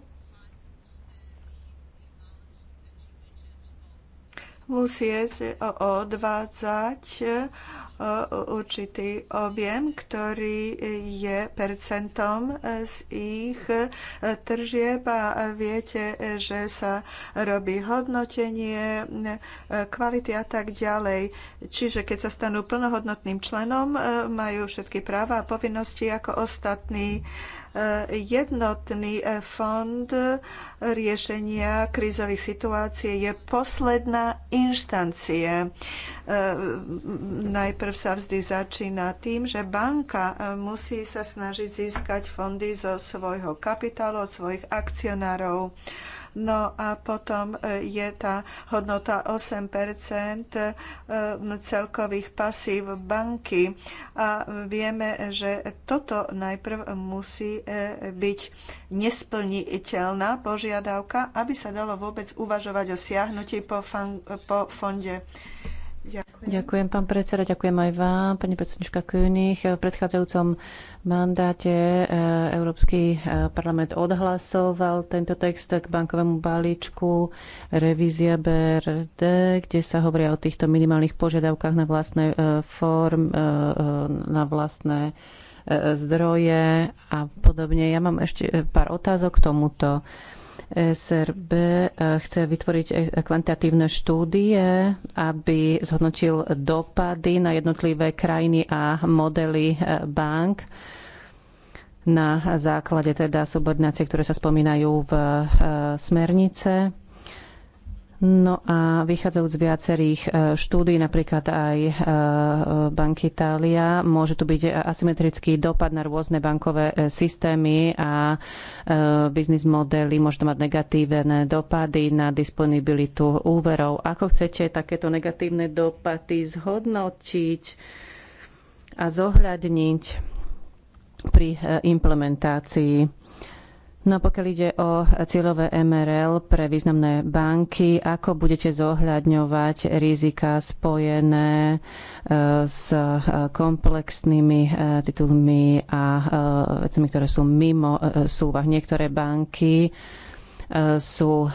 musieť odvádzať určitý objem, ktorý je percentom z ich e, tržieb a viete, že sa robí hodnotenie e, kvality a tak ďalej. Čiže keď sa stanú plnohodnotným členom, e, majú všetky práva a povinnosti ako ostatní Jednotný e, fond riešenia krízových situácií je posledná inštancie. E, najprv sa vždy začína tým, že banka e, musí sa snažiť získať fondy zo svojho kapitálu, od svojich akcionárov. No a potom e, je tá hodnota 8 e, celkových pasív banky. A vieme, že toto najprv musí e, byť nesplniteľná požiadavka, aby sa dalo vôbec uvažovať o siahnutí po, po fonde. Ďakujem. ďakujem, pán predseda, ďakujem aj vám, pani predsednička König. V predchádzajúcom mandáte eh, Európsky eh, parlament odhlasoval tento text k bankovému balíčku revízia BRD, kde sa hovoria o týchto minimálnych požiadavkách na vlastné eh, form, na vlastné zdroje a podobne. Ja mám ešte pár otázok k tomuto. SRB eh, chce vytvoriť kvantitatívne štúdie, aby zhodnotil dopady na jednotlivé krajiny a modely eh, bank na základe teda subordinácie, ktoré sa spomínajú v eh, smernice No a vychádzajúc z viacerých e, štúdí, napríklad aj e, e, Bank Italia, môže tu byť asymetrický dopad na rôzne bankové systémy a biznis modely môže to mať negatívne dopady na disponibilitu úverov. Ako chcete takéto negatívne dopady zhodnotiť a zohľadniť pri implementácii No a pokiaľ ide o cieľové MRL pre významné banky, ako budete zohľadňovať rizika spojené eh, s eh, komplexnými eh, titulmi a vecami, ktoré sú mimo súvah. Niektoré banky sú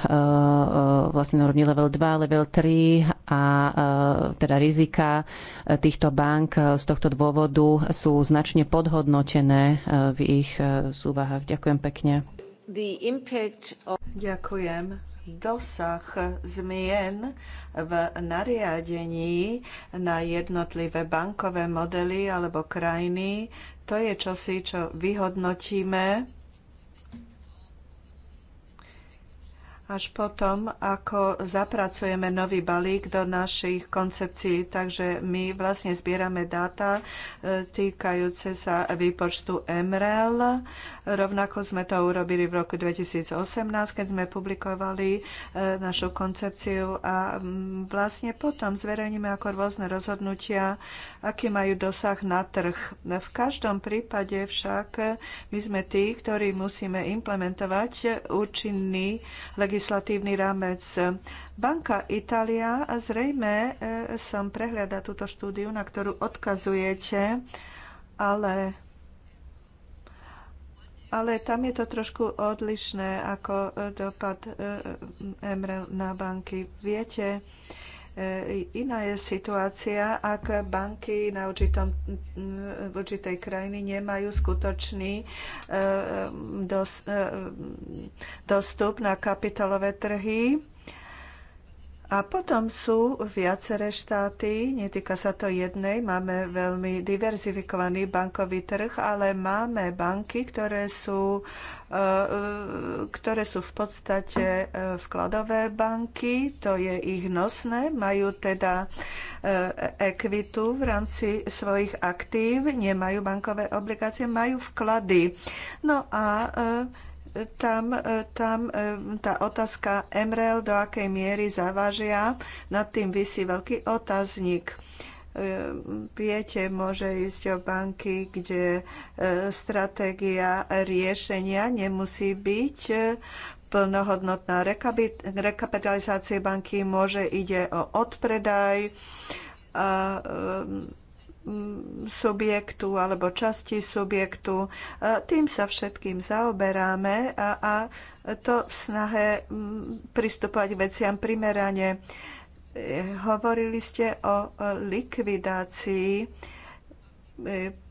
vlastne na úrovni level 2, level 3 a teda rizika týchto bank z tohto dôvodu sú značne podhodnotené v ich súvahách. Ďakujem pekne. Ďakujem. Dosah zmien v nariadení na jednotlivé bankové modely alebo krajiny, to je čosi, čo vyhodnotíme až potom, ako zapracujeme nový balík do našich koncepcií. Takže my vlastne zbierame dáta e, týkajúce sa výpočtu MREL. Rovnako sme to urobili v roku 2018, keď sme publikovali e, našu koncepciu a vlastne potom zverejníme ako rôzne rozhodnutia, aký majú dosah na trh. V každom prípade však e, my sme tí, ktorí musíme implementovať účinný legislatívny legislatívny rámec. Banka Italia, zrejme e, som prehľada túto štúdiu, na ktorú odkazujete, ale ale tam je to trošku odlišné ako dopad e, e, MREL na banky. Viete, E, iná je situácia, ak banky na určitom, v určitej krajiny nemajú skutočný e, e, dostup na kapitálové trhy a potom sú viaceré štáty, netýka sa to jednej, máme veľmi diverzifikovaný bankový trh, ale máme banky, ktoré sú, e, e, ktoré sú v podstate e, vkladové banky, to je ich nosné, majú teda ekvitu v rámci svojich aktív, nemajú bankové obligácie, majú vklady. No a tam, e, tam e, tá otázka MREL, do akej miery zavážia, nad tým vysí veľký otáznik. E, viete, môže ísť o banky, kde stratégia riešenia nemusí byť plnohodnotná rekapitalizácia banky, môže ide o odpredaj a Mm, subjektu alebo časti subjektu. E, tým sa všetkým zaoberáme a, a to v snahe mm, pristupovať veciam primerane. E, hovorili ste o likvidácii, e,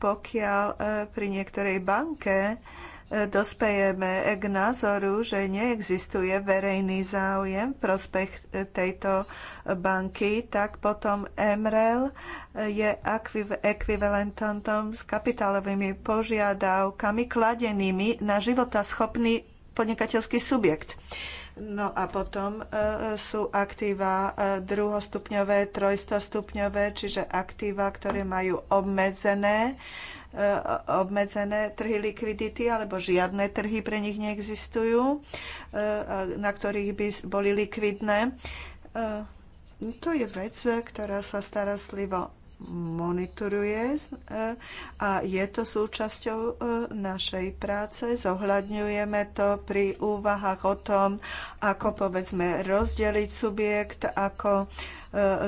pokiaľ pri niektorej banke dospejeme k názoru, že neexistuje verejný záujem v prospech tejto banky, tak potom MREL je ekvivalentom s kapitálovými požiadavkami kladenými na schopný podnikateľský subjekt. No a potom e, sú aktíva e, druhostupňové, trojstostupňové, čiže aktíva, ktoré majú obmedzené Eh, obmedzené trhy likvidity alebo žiadne trhy pre nich neexistujú, eh, na ktorých by boli likvidné. Eh, no to je vec, ktorá sa starostlivo monitoruje eh, a je to súčasťou eh, našej práce. Zohľadňujeme to pri úvahách o tom, ako povedzme rozdeliť subjekt, ako eh,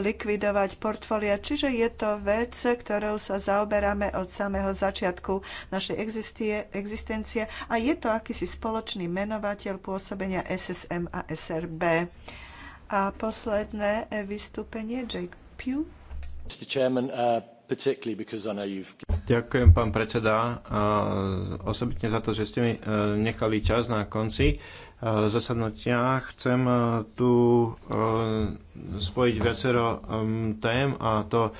likvidovať portfólia. Čiže je to vec, ktorou sa zaoberáme od samého začiatku našej existie, existencie a je to akýsi spoločný menovateľ pôsobenia SSM a SRB. A posledné vystúpenie Jake Pugh. Uh, Ďakujem, pán predseda, uh, osobitne za to, že ste mi uh, nechali čas na konci zasadnutia. Chcem tu spojiť viacero um, tém a to,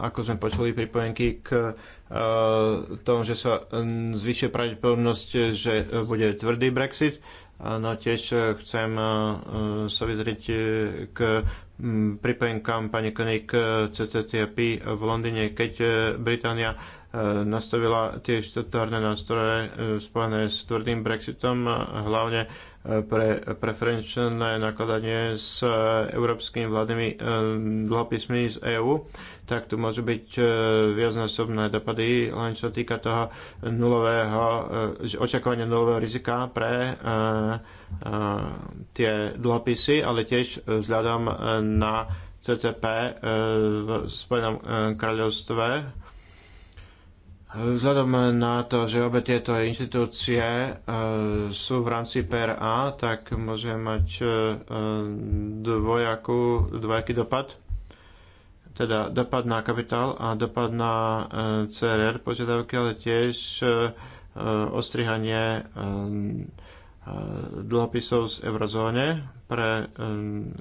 ako sme počuli pripojenky k tomu, že sa um, zvyšuje pravdepodobnosť, že bude tvrdý Brexit No tiež eh, chcem eh, eh, sa vyzrieť k mm, pripojenkám pani Koenig CCTP v Londýne, keď Británia nastavila tie štatárne nástroje spojené s tvrdým Brexitom, hlavne pre preferenčné nakladanie s e, európskymi vládnymi e, dlhopismi z EÚ, tak tu môžu byť e, viacnásobné dopady, len čo týka toho nulového, očakávania nulového rizika pre tie dlhopisy, ale tiež vzhľadom na CCP v Spojenom kráľovstve Vzhľadom na to, že obe tieto inštitúcie e, sú v rámci PRA, tak môže mať e, e, dvojakú, dvojaký dopad. Teda dopad na kapitál a dopad na CRR požiadavky, ale tiež ostrihanie dlhopisov z eurozóne pre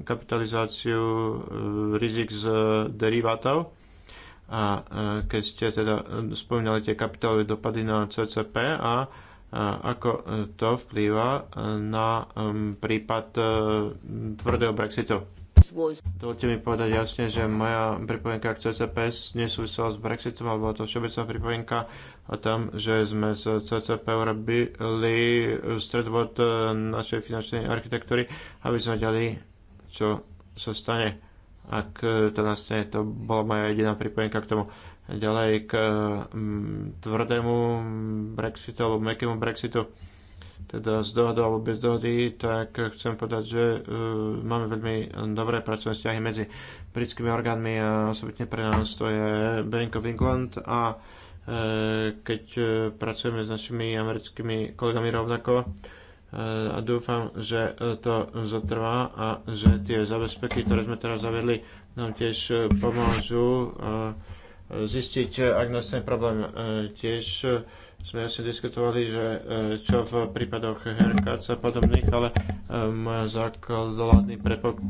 kapitalizáciu rizik z derivátov a e, keď ste teda e, spomínali tie kapitálové dopady na CCP a ako e, to vplýva na prípad tvrdého Brexitu. Dovolte mi povedať jasne, že moja pripomienka k CCP nesúvisela s Brexitom, alebo to všeobecná pripomienka o tom, že sme z CCP urobili stredovod našej finančnej architektúry, aby sme vedeli, čo sa stane ak e, to vlastne To bola moja jediná pripojenka k tomu. Ďalej k e, tvrdému Brexitu alebo mekému Brexitu, teda z dohody alebo bez dohody, tak chcem povedať, že e, máme veľmi dobré pracovné vzťahy medzi britskými orgánmi a osobitne pre nás to je Bank of England a keď pracujeme s našimi americkými kolegami rovnako, Eh, a dúfam, že eh, to zotrvá a že tie zabezpeky, ktoré sme teraz zavedli, nám tiež eh, pomôžu zistiť ak ten problém. Tiež sme asi diskutovali, že čo v prípadoch haircuts a podobných, ale môj základný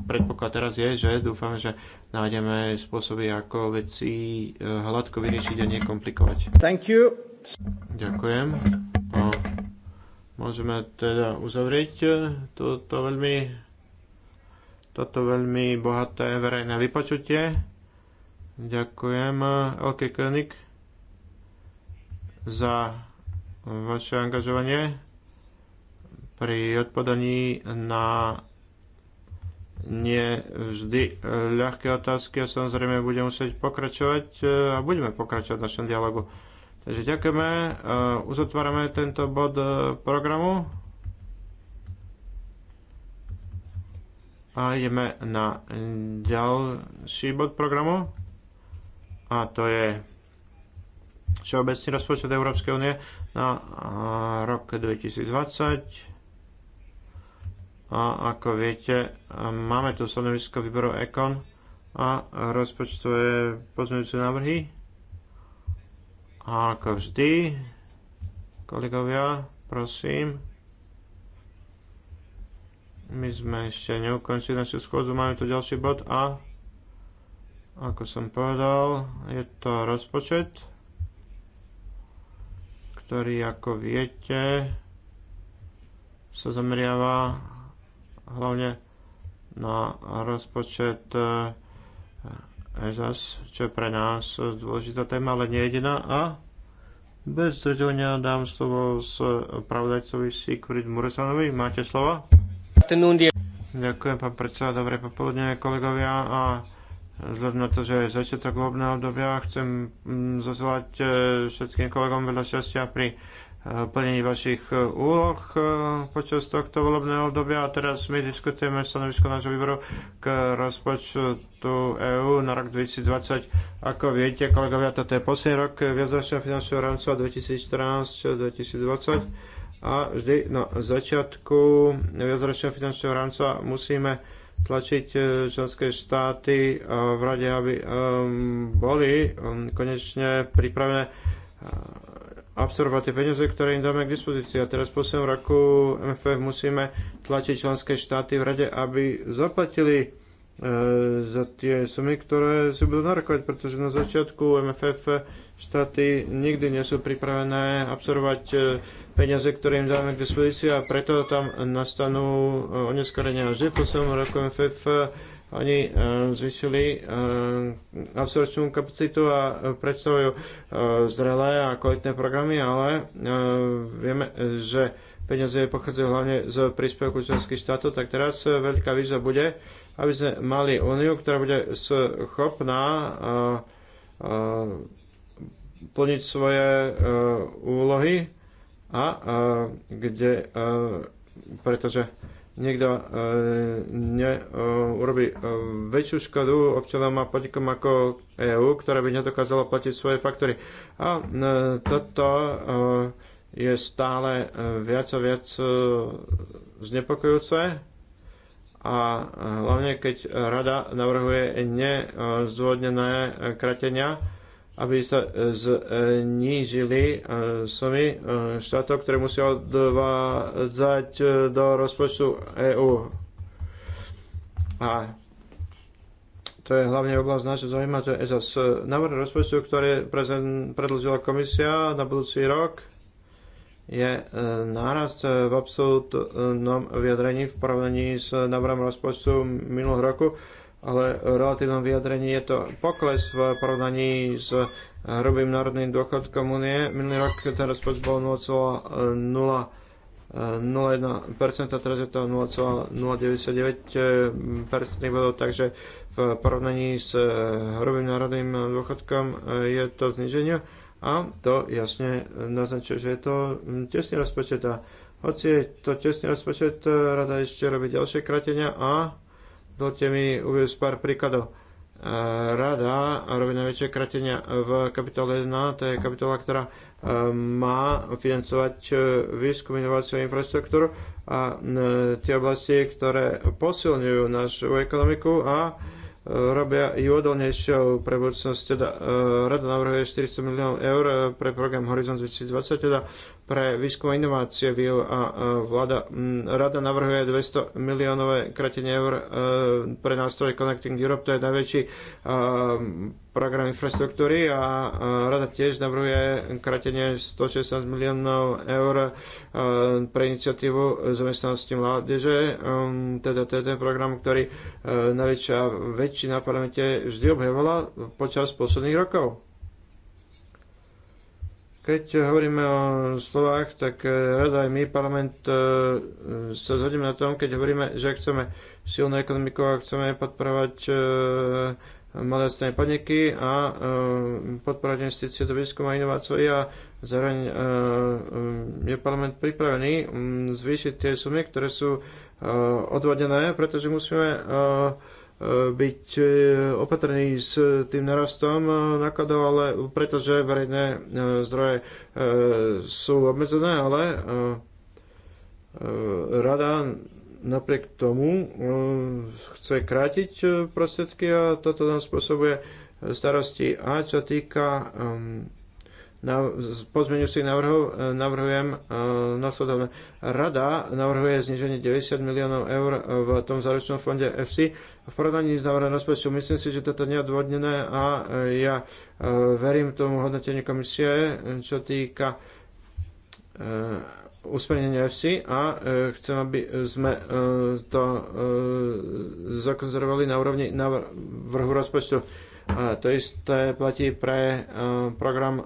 predpoklad teraz je, že dúfam, že nájdeme spôsoby, ako veci hladko vyriešiť a nekomplikovať. Thank you. Ďakujem. Môžeme teda uzavrieť e, toto veľmi, toto veľmi bohaté verejné vypočutie. Ďakujem e, LK Klinik za vaše angažovanie pri odpodaní na nie vždy e, ľahké otázky a samozrejme budeme musieť pokračovať a budeme pokračovať v našom dialogu. Takže ďakujeme, uzatvárame tento bod e, programu a ideme na ďalší bod programu a to je Všeobecný rozpočet Európskej únie na rok 2020. A ako viete, máme tu stanovisko výboru EKON a rozpočtové pozmeňujúce návrhy. A ako vždy, kolegovia, prosím, my sme ešte neukončili našu schôdzu, máme tu ďalší bod a ako som povedal, je to rozpočet, ktorý, ako viete, sa zameriava hlavne na rozpočet eh, ESAS, čo je pre nás dôležitá téma, ale nie jediná. A bez zdržovania dám slovo s pravdajcovi Sigrid Muresanovi. Máte slovo? Ďakujem, pán predseda. Dobré popoludne, kolegovia. A vzhľadom na to, že je začiatok voľbného obdobia, chcem mm, zazvať eh, všetkým kolegom veľa šťastia pri plnení vašich e, úloh e, počas tohto volebného obdobia. A teraz my diskutujeme stanovisko nášho výboru k rozpočtu EÚ na rok 2020. Ako viete, kolegovia, toto je posledný rok viacročného finančného rámca 2014-2020. A vždy na začiatku viacročného finančného rámca musíme tlačiť e, členské štáty v rade, aby boli konečne pripravené absorbovať tie peniaze, ktoré im dáme k dispozícii. A teraz v poslednom roku MFF musíme tlačiť členské štáty v rade, aby zaplatili e, za tie sumy, ktoré si budú narokovať, pretože na začiatku MFF štáty nikdy nie sú pripravené absorbovať e, peniaze, ktoré im dáme k dispozícii a preto tam nastanú e, oneskorenia. Vždy v poslednom roku MFF e, oni eh, zvyšili eh, absorčnú kapacitu a predstavujú eh, zrelé a kvalitné programy, ale vieme, že peniaze pochádzajú hlavne z príspevku členských štátov, tak teraz veľká výzva bude, aby sme mali úniu, ktorá bude schopná plniť svoje úlohy a kde, pretože niekto e, ne, e, urobí e, väčšiu škodu občanom a podnikom ako EÚ, ktorá by nedokázala platiť svoje faktory. A e, toto e, je stále e, viac a viac e, znepokojúce a e, hlavne keď rada navrhuje nezdôvodnené kratenia aby sa e, znížili e, sumy e, štátov, ktoré musia odvádzať do rozpočtu EÚ. A to je hlavne oblasť našho zaujíma, to je ESAS. Návrh rozpočtu, ktorý predložila komisia na budúci rok, je nárast v absolútnom vyjadrení v porovnaní s návrhom rozpočtu minulého roku ale v relatívnom vyjadrení je to pokles v porovnaní s hrubým národným dôchodkom Unie. Minulý rok ten rozpočet bol a teraz je to 0,099% bodov, takže v porovnaní s hrubým národným dôchodkom eh, je to zniženie a to jasne naznačuje, že je to hm, tesný rozpočet a hoci je to tesný rozpočet, eh, rada ešte robiť ďalšie kratenia a Dovolte mi uvieť pár príkladov. E, rada robí najväčšie kratenia v kapitole 1, to je kapitola, ktorá e, má financovať e, výskum, inováciu a infraštruktúru a tie oblasti, ktoré posilňujú našu ekonomiku a robia ju odolnejšou pre budúcnosť. Teda, rada navrhuje 400 miliónov eur pre program Horizon 2020, teda pre výskum a inovácie v a vláda, mm, rada navrhuje 200 miliónové kratenie eur e, pre nástroj Connecting Europe, to je najväčší e, program infraštruktúry a e, rada tiež navrhuje kratenie 160 miliónov eur pre iniciatívu zamestnanosti mládeže, um, teda to je ten program, ktorý najväčšia väčšina v parlamente vždy obhevala počas posledných rokov. Keď hovoríme o slovách, tak e, rada aj my, parlament, e, sa zhodíme na tom, keď hovoríme, že chceme silnú ekonomiku a chceme podporovať e, malé a stredné podniky a podporovať investície do výskumu a inovácií a zároveň je parlament pripravený zvýšiť tie sumy, ktoré sú odvodené, pretože musíme byť e, opatrný s tým narastom e, nákladov, ale pretože verejné e, zdroje sú obmedzené, ale rada napriek tomu chce krátiť prostriedky a toto nám spôsobuje starosti. A čo týka pozmeňujúcich návrhov e, navrhujem e, nasledovne. Rada navrhuje zniženie 90 miliónov eur v tom záručnom fonde FC v porovnaní s návrhom rozpočtu. Myslím si, že toto je neodvodnené a e, ja verím tomu hodnoteniu komisie, čo týka usmernenia FC a chcem, aby sme to zakonzervovali na úrovni návrhu rozpočtu to isté platí pre e, program e,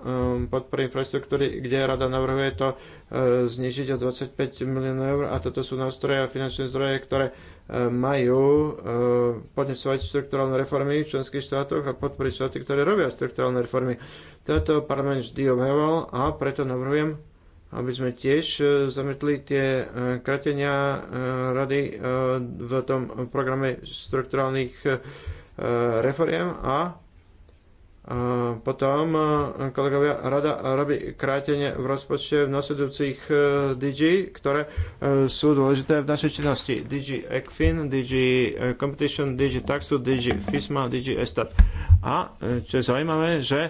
podpory infraštruktúry, kde rada navrhuje to e, znižiť o 25 miliónov eur a toto sú nástroje a finančné zdroje, ktoré majú podnesovať štruktúralne reformy v členských štátoch a podporiť štáty, ktoré robia štruktúralne reformy. Toto parlament vždy obhajoval a preto navrhujem, aby sme tiež zametli tie kratenia rady v tom programe štrukturálnych Eh, reforiem a eh, potom eh, kolegovia rada robí krátenie v rozpočte v nasledujúcich DG, ktoré sú dôležité v našej činnosti. DG ECFIN, DG Competition, DG Taxu, DG FISMA, DG Estat. A čo je zaujímavé, že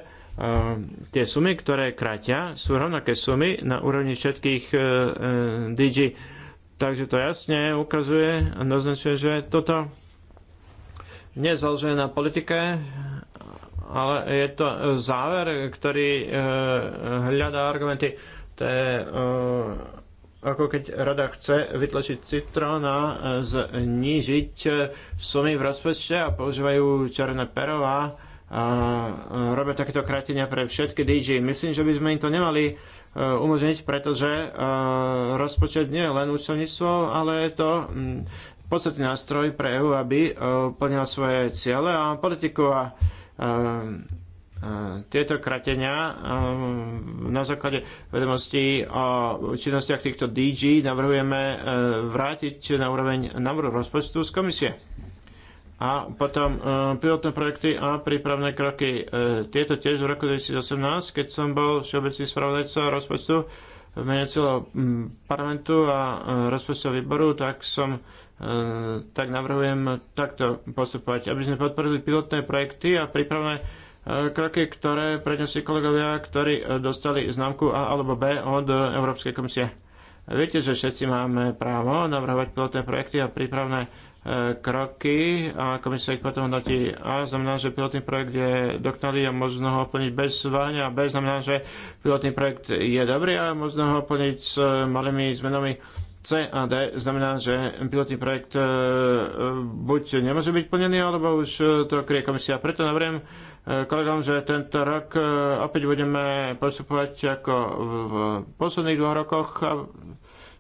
tie sumy, ktoré krátia, sú rovnaké sumy na úrovni všetkých DG. Takže to jasne ukazuje a naznačuje, že toto nie je založené na politike, ale je to záver, ktorý e, hľadá argumenty. To je e, ako keď rada chce vytlačiť citrón a e, znížiť sumy v rozpočte a používajú černé perová a, a robia takéto krátenia pre všetky DJ. Myslím, že by sme im to nemali umožniť, pretože rozpočet nie je len účelníctvo, ale je to podstatný nástroj pre EU aby e, plnila svoje ciele a politiku a e, e, tieto kratenia na základe vedomostí o činnostiach týchto DG navrhujeme vrátiť na úroveň návrhu rozpočtu z komisie. A potom pilotné projekty a prípravné kroky. Tieto tiež v roku 2018, keď som bol všeobecný spravodajca rozpočtu v mene celého parlamentu a rozpočtového výboru, tak som E, tak navrhujem takto postupovať, aby sme podporili pilotné projekty a prípravné e, kroky, ktoré prednesli kolegovia, ktorí e, dostali známku A alebo B od Európskej komisie. Viete, že všetci máme právo navrhovať pilotné projekty a prípravné kroky a komisia ich potom hodnotí A znamená, že pilotný projekt je dokonalý a možno ho plniť bez váhania a B znamená, že pilotný projekt je dobrý a možno ho plniť s malými zmenami C a D znamená, že pilotný projekt e, buď nemôže byť plnený, alebo už e, to krie komisia. Preto navriem e, kolegom, že tento rok opäť budeme postupovať ako v posledných dvoch rokoch,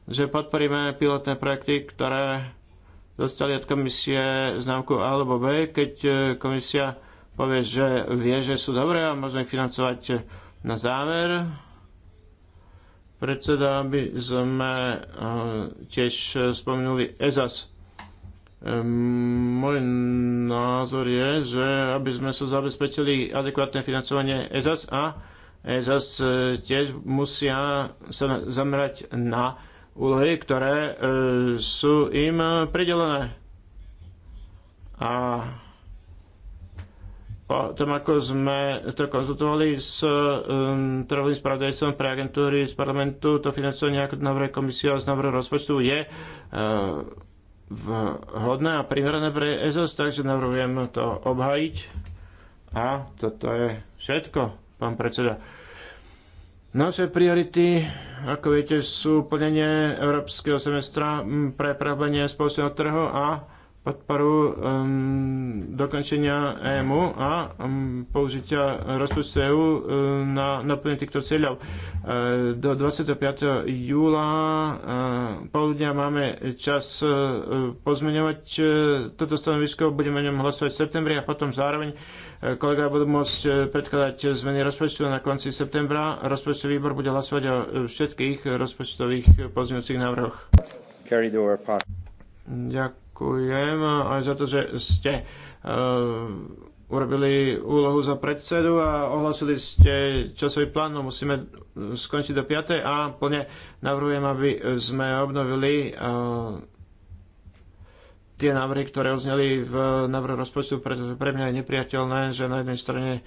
že podporíme pilotné projekty, ktoré dostali od komisie známku A alebo B, keď komisia povie, že vie, že sú dobré a môžeme ich financovať na záver predseda, aby sme eh, tiež spomenuli EZAS. Eh, môj názor je, že aby sme sa zabezpečili adekvátne financovanie EZAS a EZAS e eh, tiež musia sa zamerať na úlohy, ktoré sú im pridelené. A potom tom, ako sme to konzultovali s um, trhovým spravodajstvom pre agentúry z parlamentu. To financovanie, ako komisie a z návrhu rozpočtu, je uh, vhodné a primerané pre ESOS, takže navrhujem to obhajiť. A toto je všetko, pán predseda. Naše priority, ako viete, sú plnenie Európskeho semestra pre prehlbenie spoločného trhu a podporu um, dokončenia EMU a um, použitia rozpočtu EU um, na naplnenie týchto cieľov. E, do 25. júla e, poludnia máme čas e, pozmeňovať e, toto stanovisko, budeme o ňom hlasovať v septembri a potom zároveň e, kolega budú môcť e, predkladať zmeny rozpočtu na konci septembra. Rozpočtový výbor bude hlasovať o e, všetkých rozpočtových pozmeňujúcich návrhoch. Ďakujem ďakujem aj za to, že ste eh, urobili úlohu za predsedu a ohlasili ste časový plán, no musíme skončiť do 5. a plne navrhujem, aby sme obnovili eh, tie návrhy, ktoré uzneli v návrhu rozpočtu, pretože pre mňa je nepriateľné, že na jednej strane eh,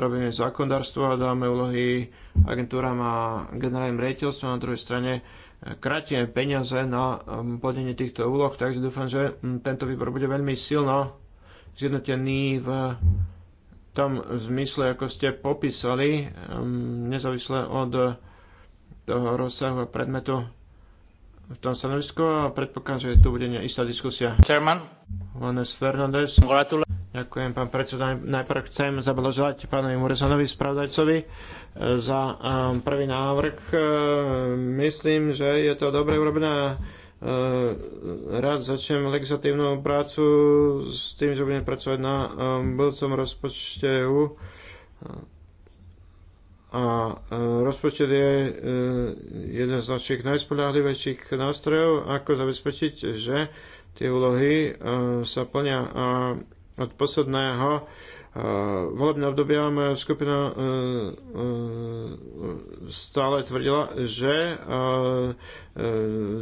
robíme zákondarstvo a dáme úlohy agentúram a generálnym rejiteľstvom, na druhej strane kratie peniaze na um, plnenie týchto úloh, takže dúfam, že mm, tento výbor bude veľmi silno zjednotený v tom zmysle, ako ste popísali, um, nezávisle od toho rozsahu a predmetu v tom stanovisku a predpokladám, že tu bude istá diskusia. Chairman. Juanes Fernández. Gratulujem Ďakujem, pán predseda. Najprv chcem zablažovať pánovi Muresanovi, spravodajcovi, e, za e, prvý návrh. E, myslím, že je to dobre urobené. Rád začnem legislatívnu prácu s tým, že budem pracovať na budúcom rozpočte EU. A rozpočet je jeden z našich najspoľahlivejších nástrojov, ako zabezpečiť, že tie úlohy sa plnia. A od posledného eh, volebného obdobia skupina eh, eh, stále tvrdila, že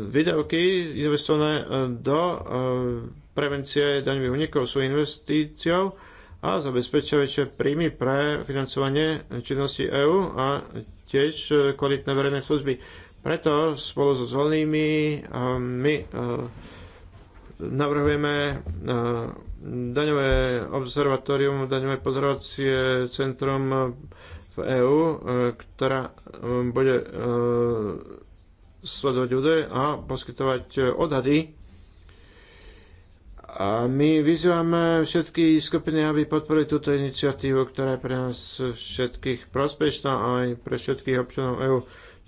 výdavky investované do prevencie daňových unikov sú investíciou a zabezpečia väčšie príjmy pre financovanie činnosti EÚ a tiež kvalitné verejné služby. Preto spolu so zvolenými my navrhujeme daňové observatórium, daňové pozorovacie centrum v EÚ, e, ktorá e, bude e, sledovať údaje a poskytovať odhady. A my vyzývame všetky skupiny, aby podporili túto iniciatívu, ktorá je pre nás všetkých prospešná a aj pre všetkých občanov EÚ.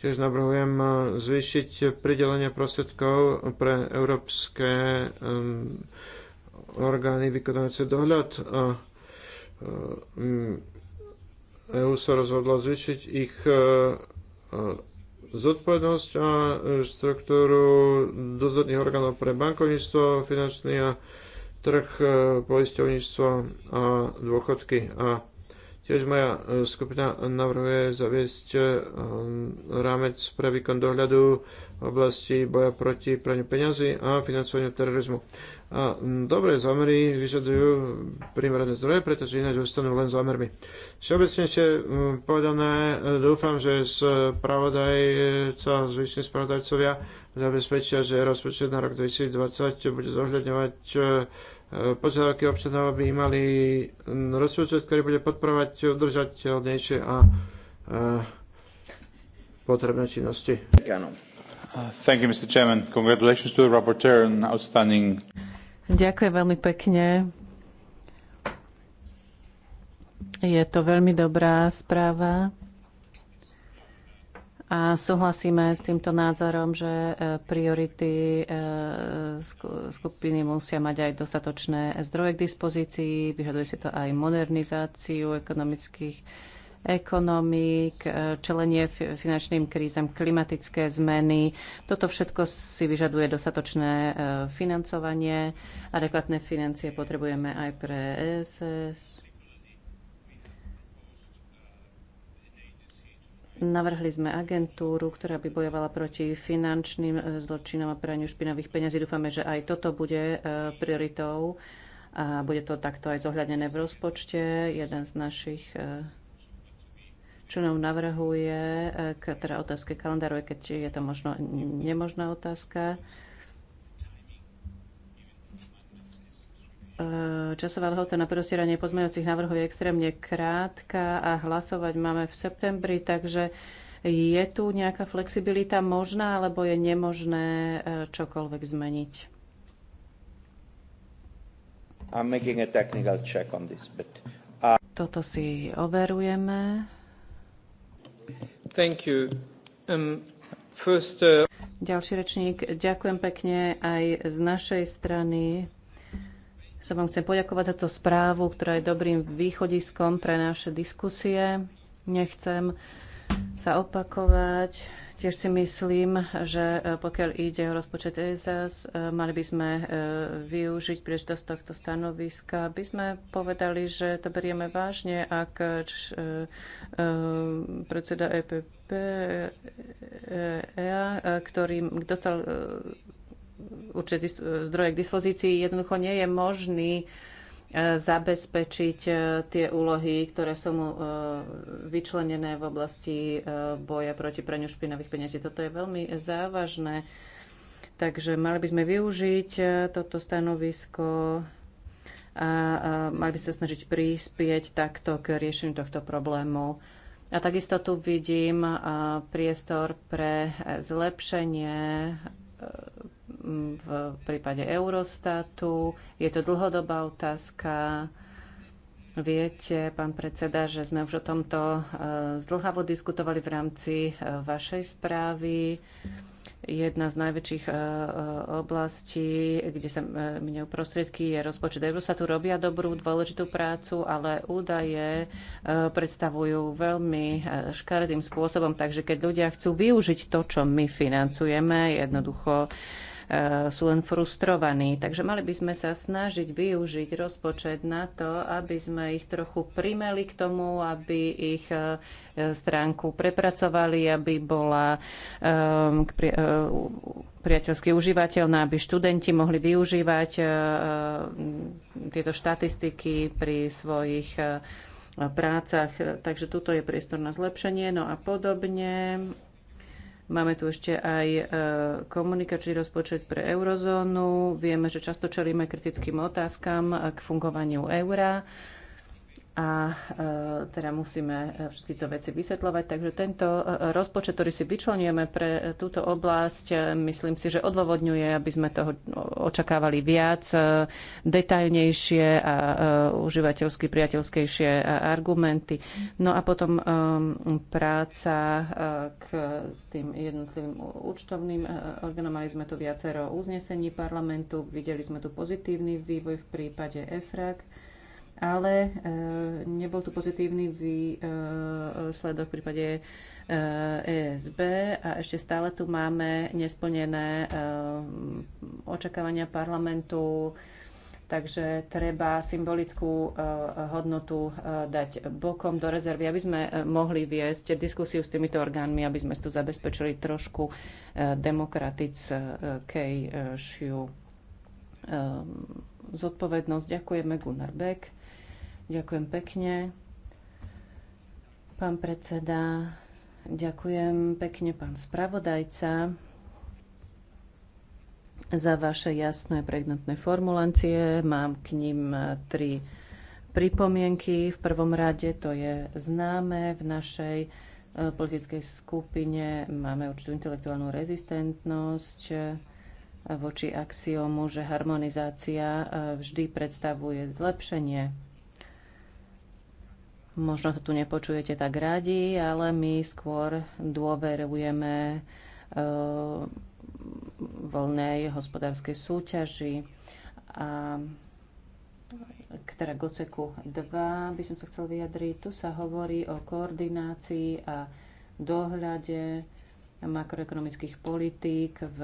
Tiež navrhujem zvýšiť pridelenie prostriedkov pre európske orgány vykonávajúce dohľad a mm, EU sa rozhodla zvýšiť ich e, e, zodpovednosť a e, štruktúru dozorných orgánov pre bankovníctvo, finančný a trh poisťovníctvo a dôchodky. A Tiež moja e, skupina navrhuje zaviesť e, rámec pre výkon dohľadu v oblasti boja proti praniu peňazí a financovaniu terorizmu. A dobré zámery vyžadujú primerané zdroje, pretože ináč zostanú len zámermi. Všeobecnejšie povedané, e, dúfam, že spravodajca, zvyšní spravodajcovia zabezpečia, že rozpočet na rok 2020 bude zohľadňovať E, požiadavky občanov, aby mali rozpočet, ktorý bude podporovať udržateľnejšie a e, potrebné činnosti. Thank you, Mr. Chairman. Congratulations to the rapporteur outstanding... Ďakujem veľmi pekne. Je to veľmi dobrá správa. A súhlasíme s týmto názorom, že e, priority e, skupiny musia mať aj dostatočné zdroje k dispozícii, vyžaduje si to aj modernizáciu ekonomických ekonomík, e, čelenie finančným krízam, klimatické zmeny. Toto všetko si vyžaduje dostatočné financovanie. Adekvátne financie potrebujeme aj pre ESS, Navrhli sme agentúru, ktorá by bojovala proti finančným eh, zločinom a praniu špinavých peňazí. Dúfame, že aj toto bude eh, prioritou a bude to takto aj zohľadené v rozpočte. Jeden z našich eh, členov navrhuje k teda otázke kalendáru, keď je to možno nemožná otázka Eh, časová lehota na predostieranie pozmeňujúcich návrhov je extrémne krátka a hlasovať máme v septembri, takže je tu nejaká flexibilita možná, alebo je nemožné eh, čokoľvek zmeniť? I'm making a technical check on this, but, uh... Toto si overujeme. Thank you. Um, first, uh... Ďalší rečník, ďakujem pekne aj z našej strany sa vám chcem poďakovať za tú správu, ktorá je dobrým východiskom pre naše diskusie. Nechcem sa opakovať. Tiež si myslím, že e, pokiaľ ide o rozpočet ESAS, e, mali by sme e, využiť príležitosť tohto stanoviska, aby sme povedali, že to berieme vážne, ak predseda EPP, EA, ktorý dostal určité zdroje k dispozícii, jednoducho nie je možný e, zabezpečiť e, tie úlohy, ktoré sú mu e, vyčlenené v oblasti boja proti praniu špinavých peniazí. Toto je veľmi závažné. Takže mali by sme využiť toto stanovisko a mali by sa snažiť prispieť takto k riešeniu tohto problému. A takisto tu vidím priestor pre zlepšenie v prípade Eurostatu. Je to dlhodobá otázka. Viete, pán predseda, že sme už o tomto eh, zdlhavo diskutovali v rámci eh, vašej správy. Jedna z najväčších eh, oblastí, kde sa minujú prostriedky, je rozpočet Eurostatu. Robia dobrú, dôležitú prácu, ale údaje predstavujú veľmi škaredým spôsobom. Takže keď ľudia chcú využiť to, čo my financujeme, jednoducho E, sú len frustrovaní. Takže mali by sme sa snažiť využiť rozpočet na to, aby sme ich trochu primeli k tomu, aby ich e, stránku prepracovali, aby bola e, priateľsky užívateľná, aby študenti mohli využívať tieto štatistiky pri svojich prácach. Takže tuto je priestor na zlepšenie. No a podobne Máme tu ešte aj e, komunikačný rozpočet pre eurozónu. Vieme, že často čelíme kritickým otázkam k fungovaniu eura a e, teda musíme e, všetky to veci vysvetľovať. Takže tento e, rozpočet, ktorý si vyčlenujeme pre túto oblasť, myslím si, že odôvodňuje, aby sme toho očakávali viac, detailnejšie a užívateľsky priateľskejšie argumenty. No a potom práca k tým jednotlivým účtovným orgánom. Mali sme tu viacero uznesení parlamentu, videli sme tu pozitívny vývoj v prípade EFRAG ale eh, nebol tu pozitívny výsledok v prípade ESB eh, e a ešte stále tu máme nesplnené eh, očakávania parlamentu, takže treba symbolickú hodnotu dať bokom do rezervy, aby sme mohli viesť diskusiu s týmito orgánmi, aby sme tu zabezpečili trošku demokratickejšiu zodpovednosť. Ďakujeme Gunnar Beck. Ďakujem pekne. Pán predseda, ďakujem pekne, pán spravodajca, za vaše jasné pregnantné formulácie. Mám k ním eh, tri pripomienky. V prvom rade to je známe v našej eh, politickej skupine. Máme určitú intelektuálnu rezistentnosť eh, voči axiomu, že harmonizácia vždy predstavuje zlepšenie Možno to tu nepočujete tak radi, ale my skôr dôverujeme eh, voľnej hospodárskej súťaži a k teda Goceku 2 by som sa chcel vyjadriť. Tu sa hovorí o koordinácii a dohľade makroekonomických politík v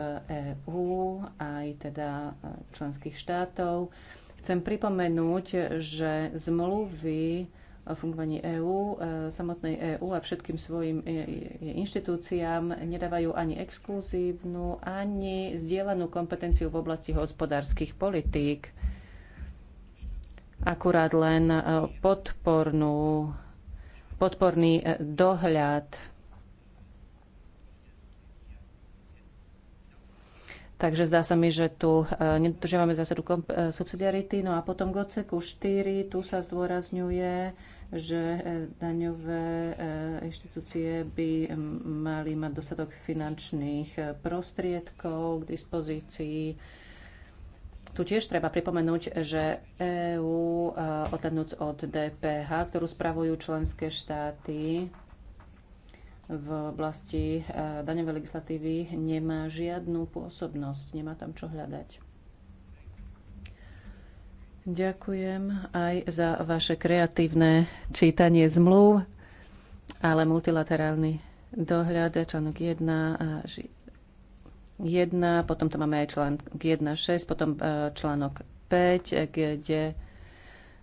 EÚ aj teda eh, členských štátov. Chcem pripomenúť, že zmluvy fungovaní EÚ, e, samotnej EÚ a všetkým svojim e, e, inštitúciám nedávajú ani exkluzívnu, ani zdieľanú kompetenciu v oblasti hospodárskych politík, akurát len podpornú, podporný dohľad Takže zdá sa mi, že tu e, nedodržiavame zásadu e, subsidiarity. No a potom k odseku 4, tu sa zdôrazňuje, že e, daňové inštitúcie by mali mať dostatok finančných prostriedkov k dispozícii. Tu tiež treba pripomenúť, že EÚ, odhľadnúc od DPH, ktorú spravujú členské štáty, v oblasti e, daňovej legislatívy nemá žiadnu pôsobnosť, nemá tam čo hľadať. Ďakujem aj za vaše kreatívne čítanie zmluv, ale multilaterálny dohľad, článok 1 a 1, potom tam máme aj článok 1.6, potom e, článok 5, e, kde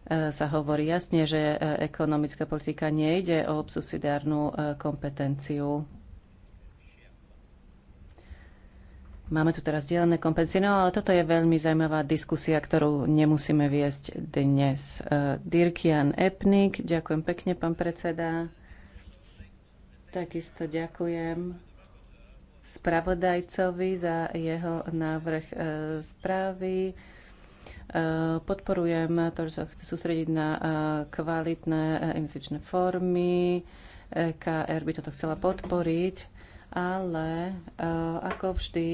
E, sa hovorí jasne, že e, ekonomická politika nejde o subsidiárnu e, kompetenciu. Máme tu teraz dielené kompetencie, no ale toto je veľmi zaujímavá diskusia, ktorú nemusíme viesť dnes. Dirkian Epnik, ďakujem pekne, pán predseda. Takisto ďakujem spravodajcovi za jeho návrh správy. Eh, podporujem to, že sa chce sústrediť na eh, kvalitné eh, investičné formy. E KR by toto chcela podporiť, ale ako vždy,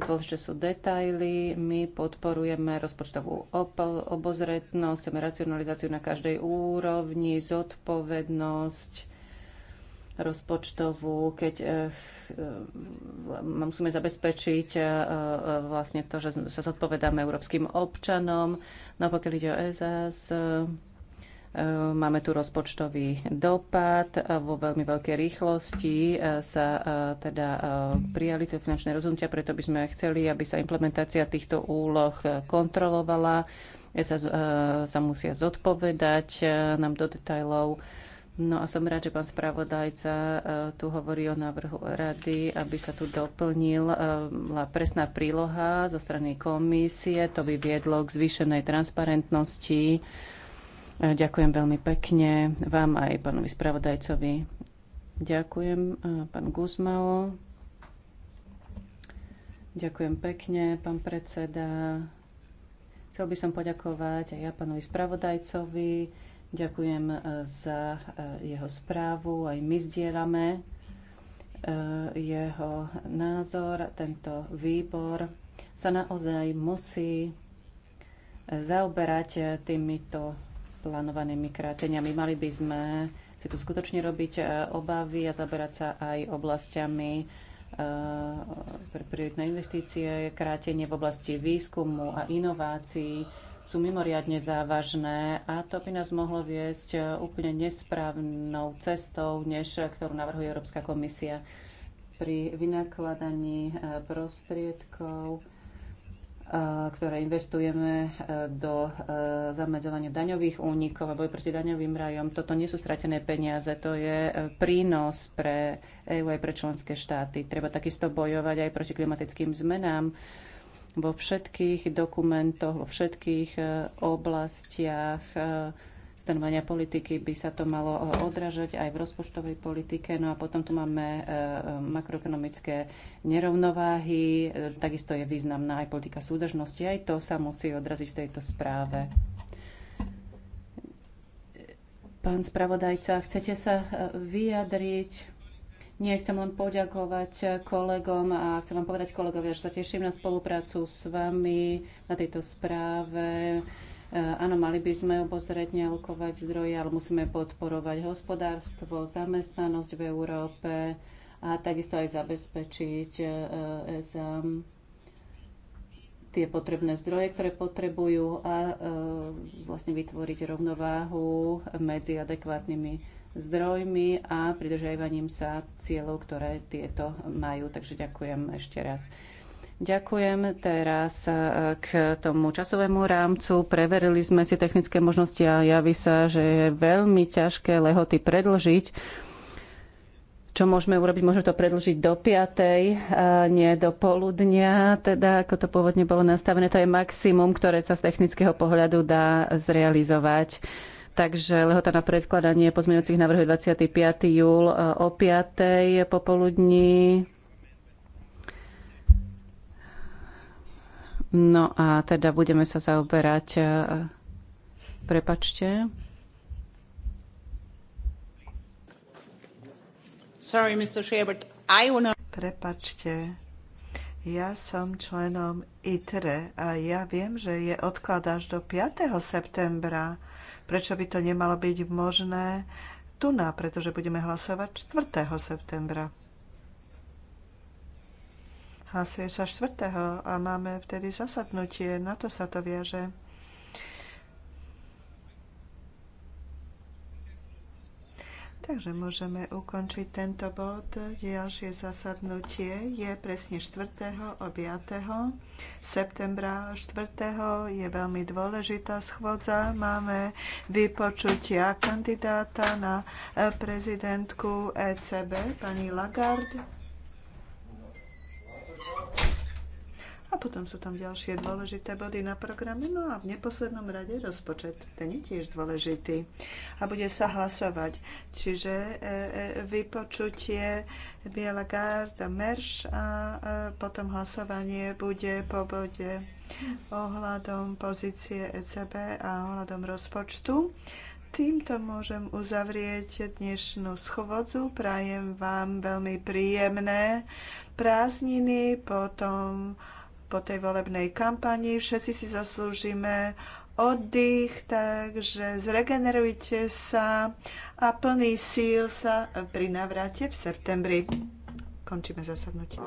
dôležité sú detaily. My podporujeme rozpočtovú obozretnosť, chceme racionalizáciu na každej úrovni, zodpovednosť rozpočtovú, keď eh, eh, musíme zabezpečiť eh, vlastne to, že sa zodpovedáme európskym občanom. No a pokiaľ ide o ESAS, máme tu rozpočtový dopad. Vo veľmi veľkej rýchlosti sa teda prijali tie finančné rozhodnutia, preto by sme chceli, aby sa implementácia týchto úloh kontrolovala. ESAS sa musia zodpovedať nám do detajlov No a som rád, že pán spravodajca e, tu hovorí o návrhu rady, aby sa tu doplnila e, presná príloha zo strany komisie. To by viedlo k zvýšenej transparentnosti. E, ďakujem veľmi pekne vám aj pánovi spravodajcovi. Ďakujem, pán Guzmao. Ďakujem pekne, pán predseda. Chcel by som poďakovať aj ja pánovi spravodajcovi Ďakujem e, za e, jeho správu, aj my zdieľame e, jeho názor. Tento výbor sa naozaj musí zaoberať týmito plánovanými kráteniami. Mali by sme si tu skutočne robiť obavy a zaberať sa aj oblastiami pre prioritné investície, krátenie v oblasti výskumu a inovácií sú mimoriadne závažné a to by nás mohlo viesť e, úplne nesprávnou cestou, než e, ktorú navrhuje Európska komisia pri vynakladaní e, prostriedkov ktoré investujeme do zamedzovania daňových únikov a boj proti daňovým rajom. Toto nie sú stratené peniaze, to je prínos pre EU aj pre členské štáty. Treba takisto bojovať aj proti klimatickým zmenám vo všetkých dokumentoch, vo všetkých e, oblastiach e, stanovania politiky by sa to malo e, odražať aj v rozpočtovej politike. No a potom tu máme makroekonomické nerovnováhy, takisto je významná aj politika súdržnosti, aj to sa musí odraziť v tejto správe. Pán spravodajca, chcete sa vyjadriť? Nie, chcem len poďakovať kolegom a chcem vám povedať kolegovia, že sa teším na spoluprácu s vami na tejto správe. Eh, áno, mali by sme obozretne alokovať zdroje, ale musíme podporovať hospodárstvo, zamestnanosť v Európe a takisto aj zabezpečiť eh, eh, za tie potrebné zdroje, ktoré potrebujú a vlastne vytvoriť rovnováhu medzi adekvátnymi zdrojmi a pridržajvaním sa cieľov, ktoré tieto majú. Takže ďakujem ešte raz. Ďakujem teraz e, k tomu časovému rámcu. Preverili sme si technické možnosti a javí sa, že je veľmi ťažké lehoty predlžiť. Čo môžeme urobiť? Môžeme to predlžiť do 5. nie do poludnia, teda ako to pôvodne bolo nastavené. To je maximum, ktoré sa z technického pohľadu dá zrealizovať Takže lehota na predkladanie pozmeňujúcich návrhov 25. júl e, o 5. popoludní. No a teda budeme sa zaoberať. E, prepačte. Sorry, Mr. Schubert, I wanna... Prepačte, ja som členom ITRE a ja viem, že je odklad až do 5. septembra Prečo by to nemalo byť možné tu na, pretože budeme hlasovať 4. septembra. Hlasuje sa 4. a máme vtedy zasadnutie, na to sa to viaže. Takže môžeme ukončiť tento bod. Ďalšie zasadnutie je presne 4. a 5. septembra. 4. je veľmi dôležitá schôdza. Máme vypočutia kandidáta na prezidentku ECB, pani Lagarde. A potom sú tam ďalšie dôležité body na programe. No a v neposlednom rade rozpočet. Ten je tiež dôležitý. A bude sa hlasovať. Čiže e, e vypočutie Bielagard a Merš a e, potom hlasovanie bude po bode ohľadom pozície ECB a ohľadom rozpočtu. Týmto môžem uzavrieť dnešnú schovodzu. Prajem vám veľmi príjemné prázdniny, potom po tej volebnej kampani. Všetci si zaslúžime oddych, takže zregenerujte sa a plný síl sa pri navrate v septembri. Končíme zasadnutie.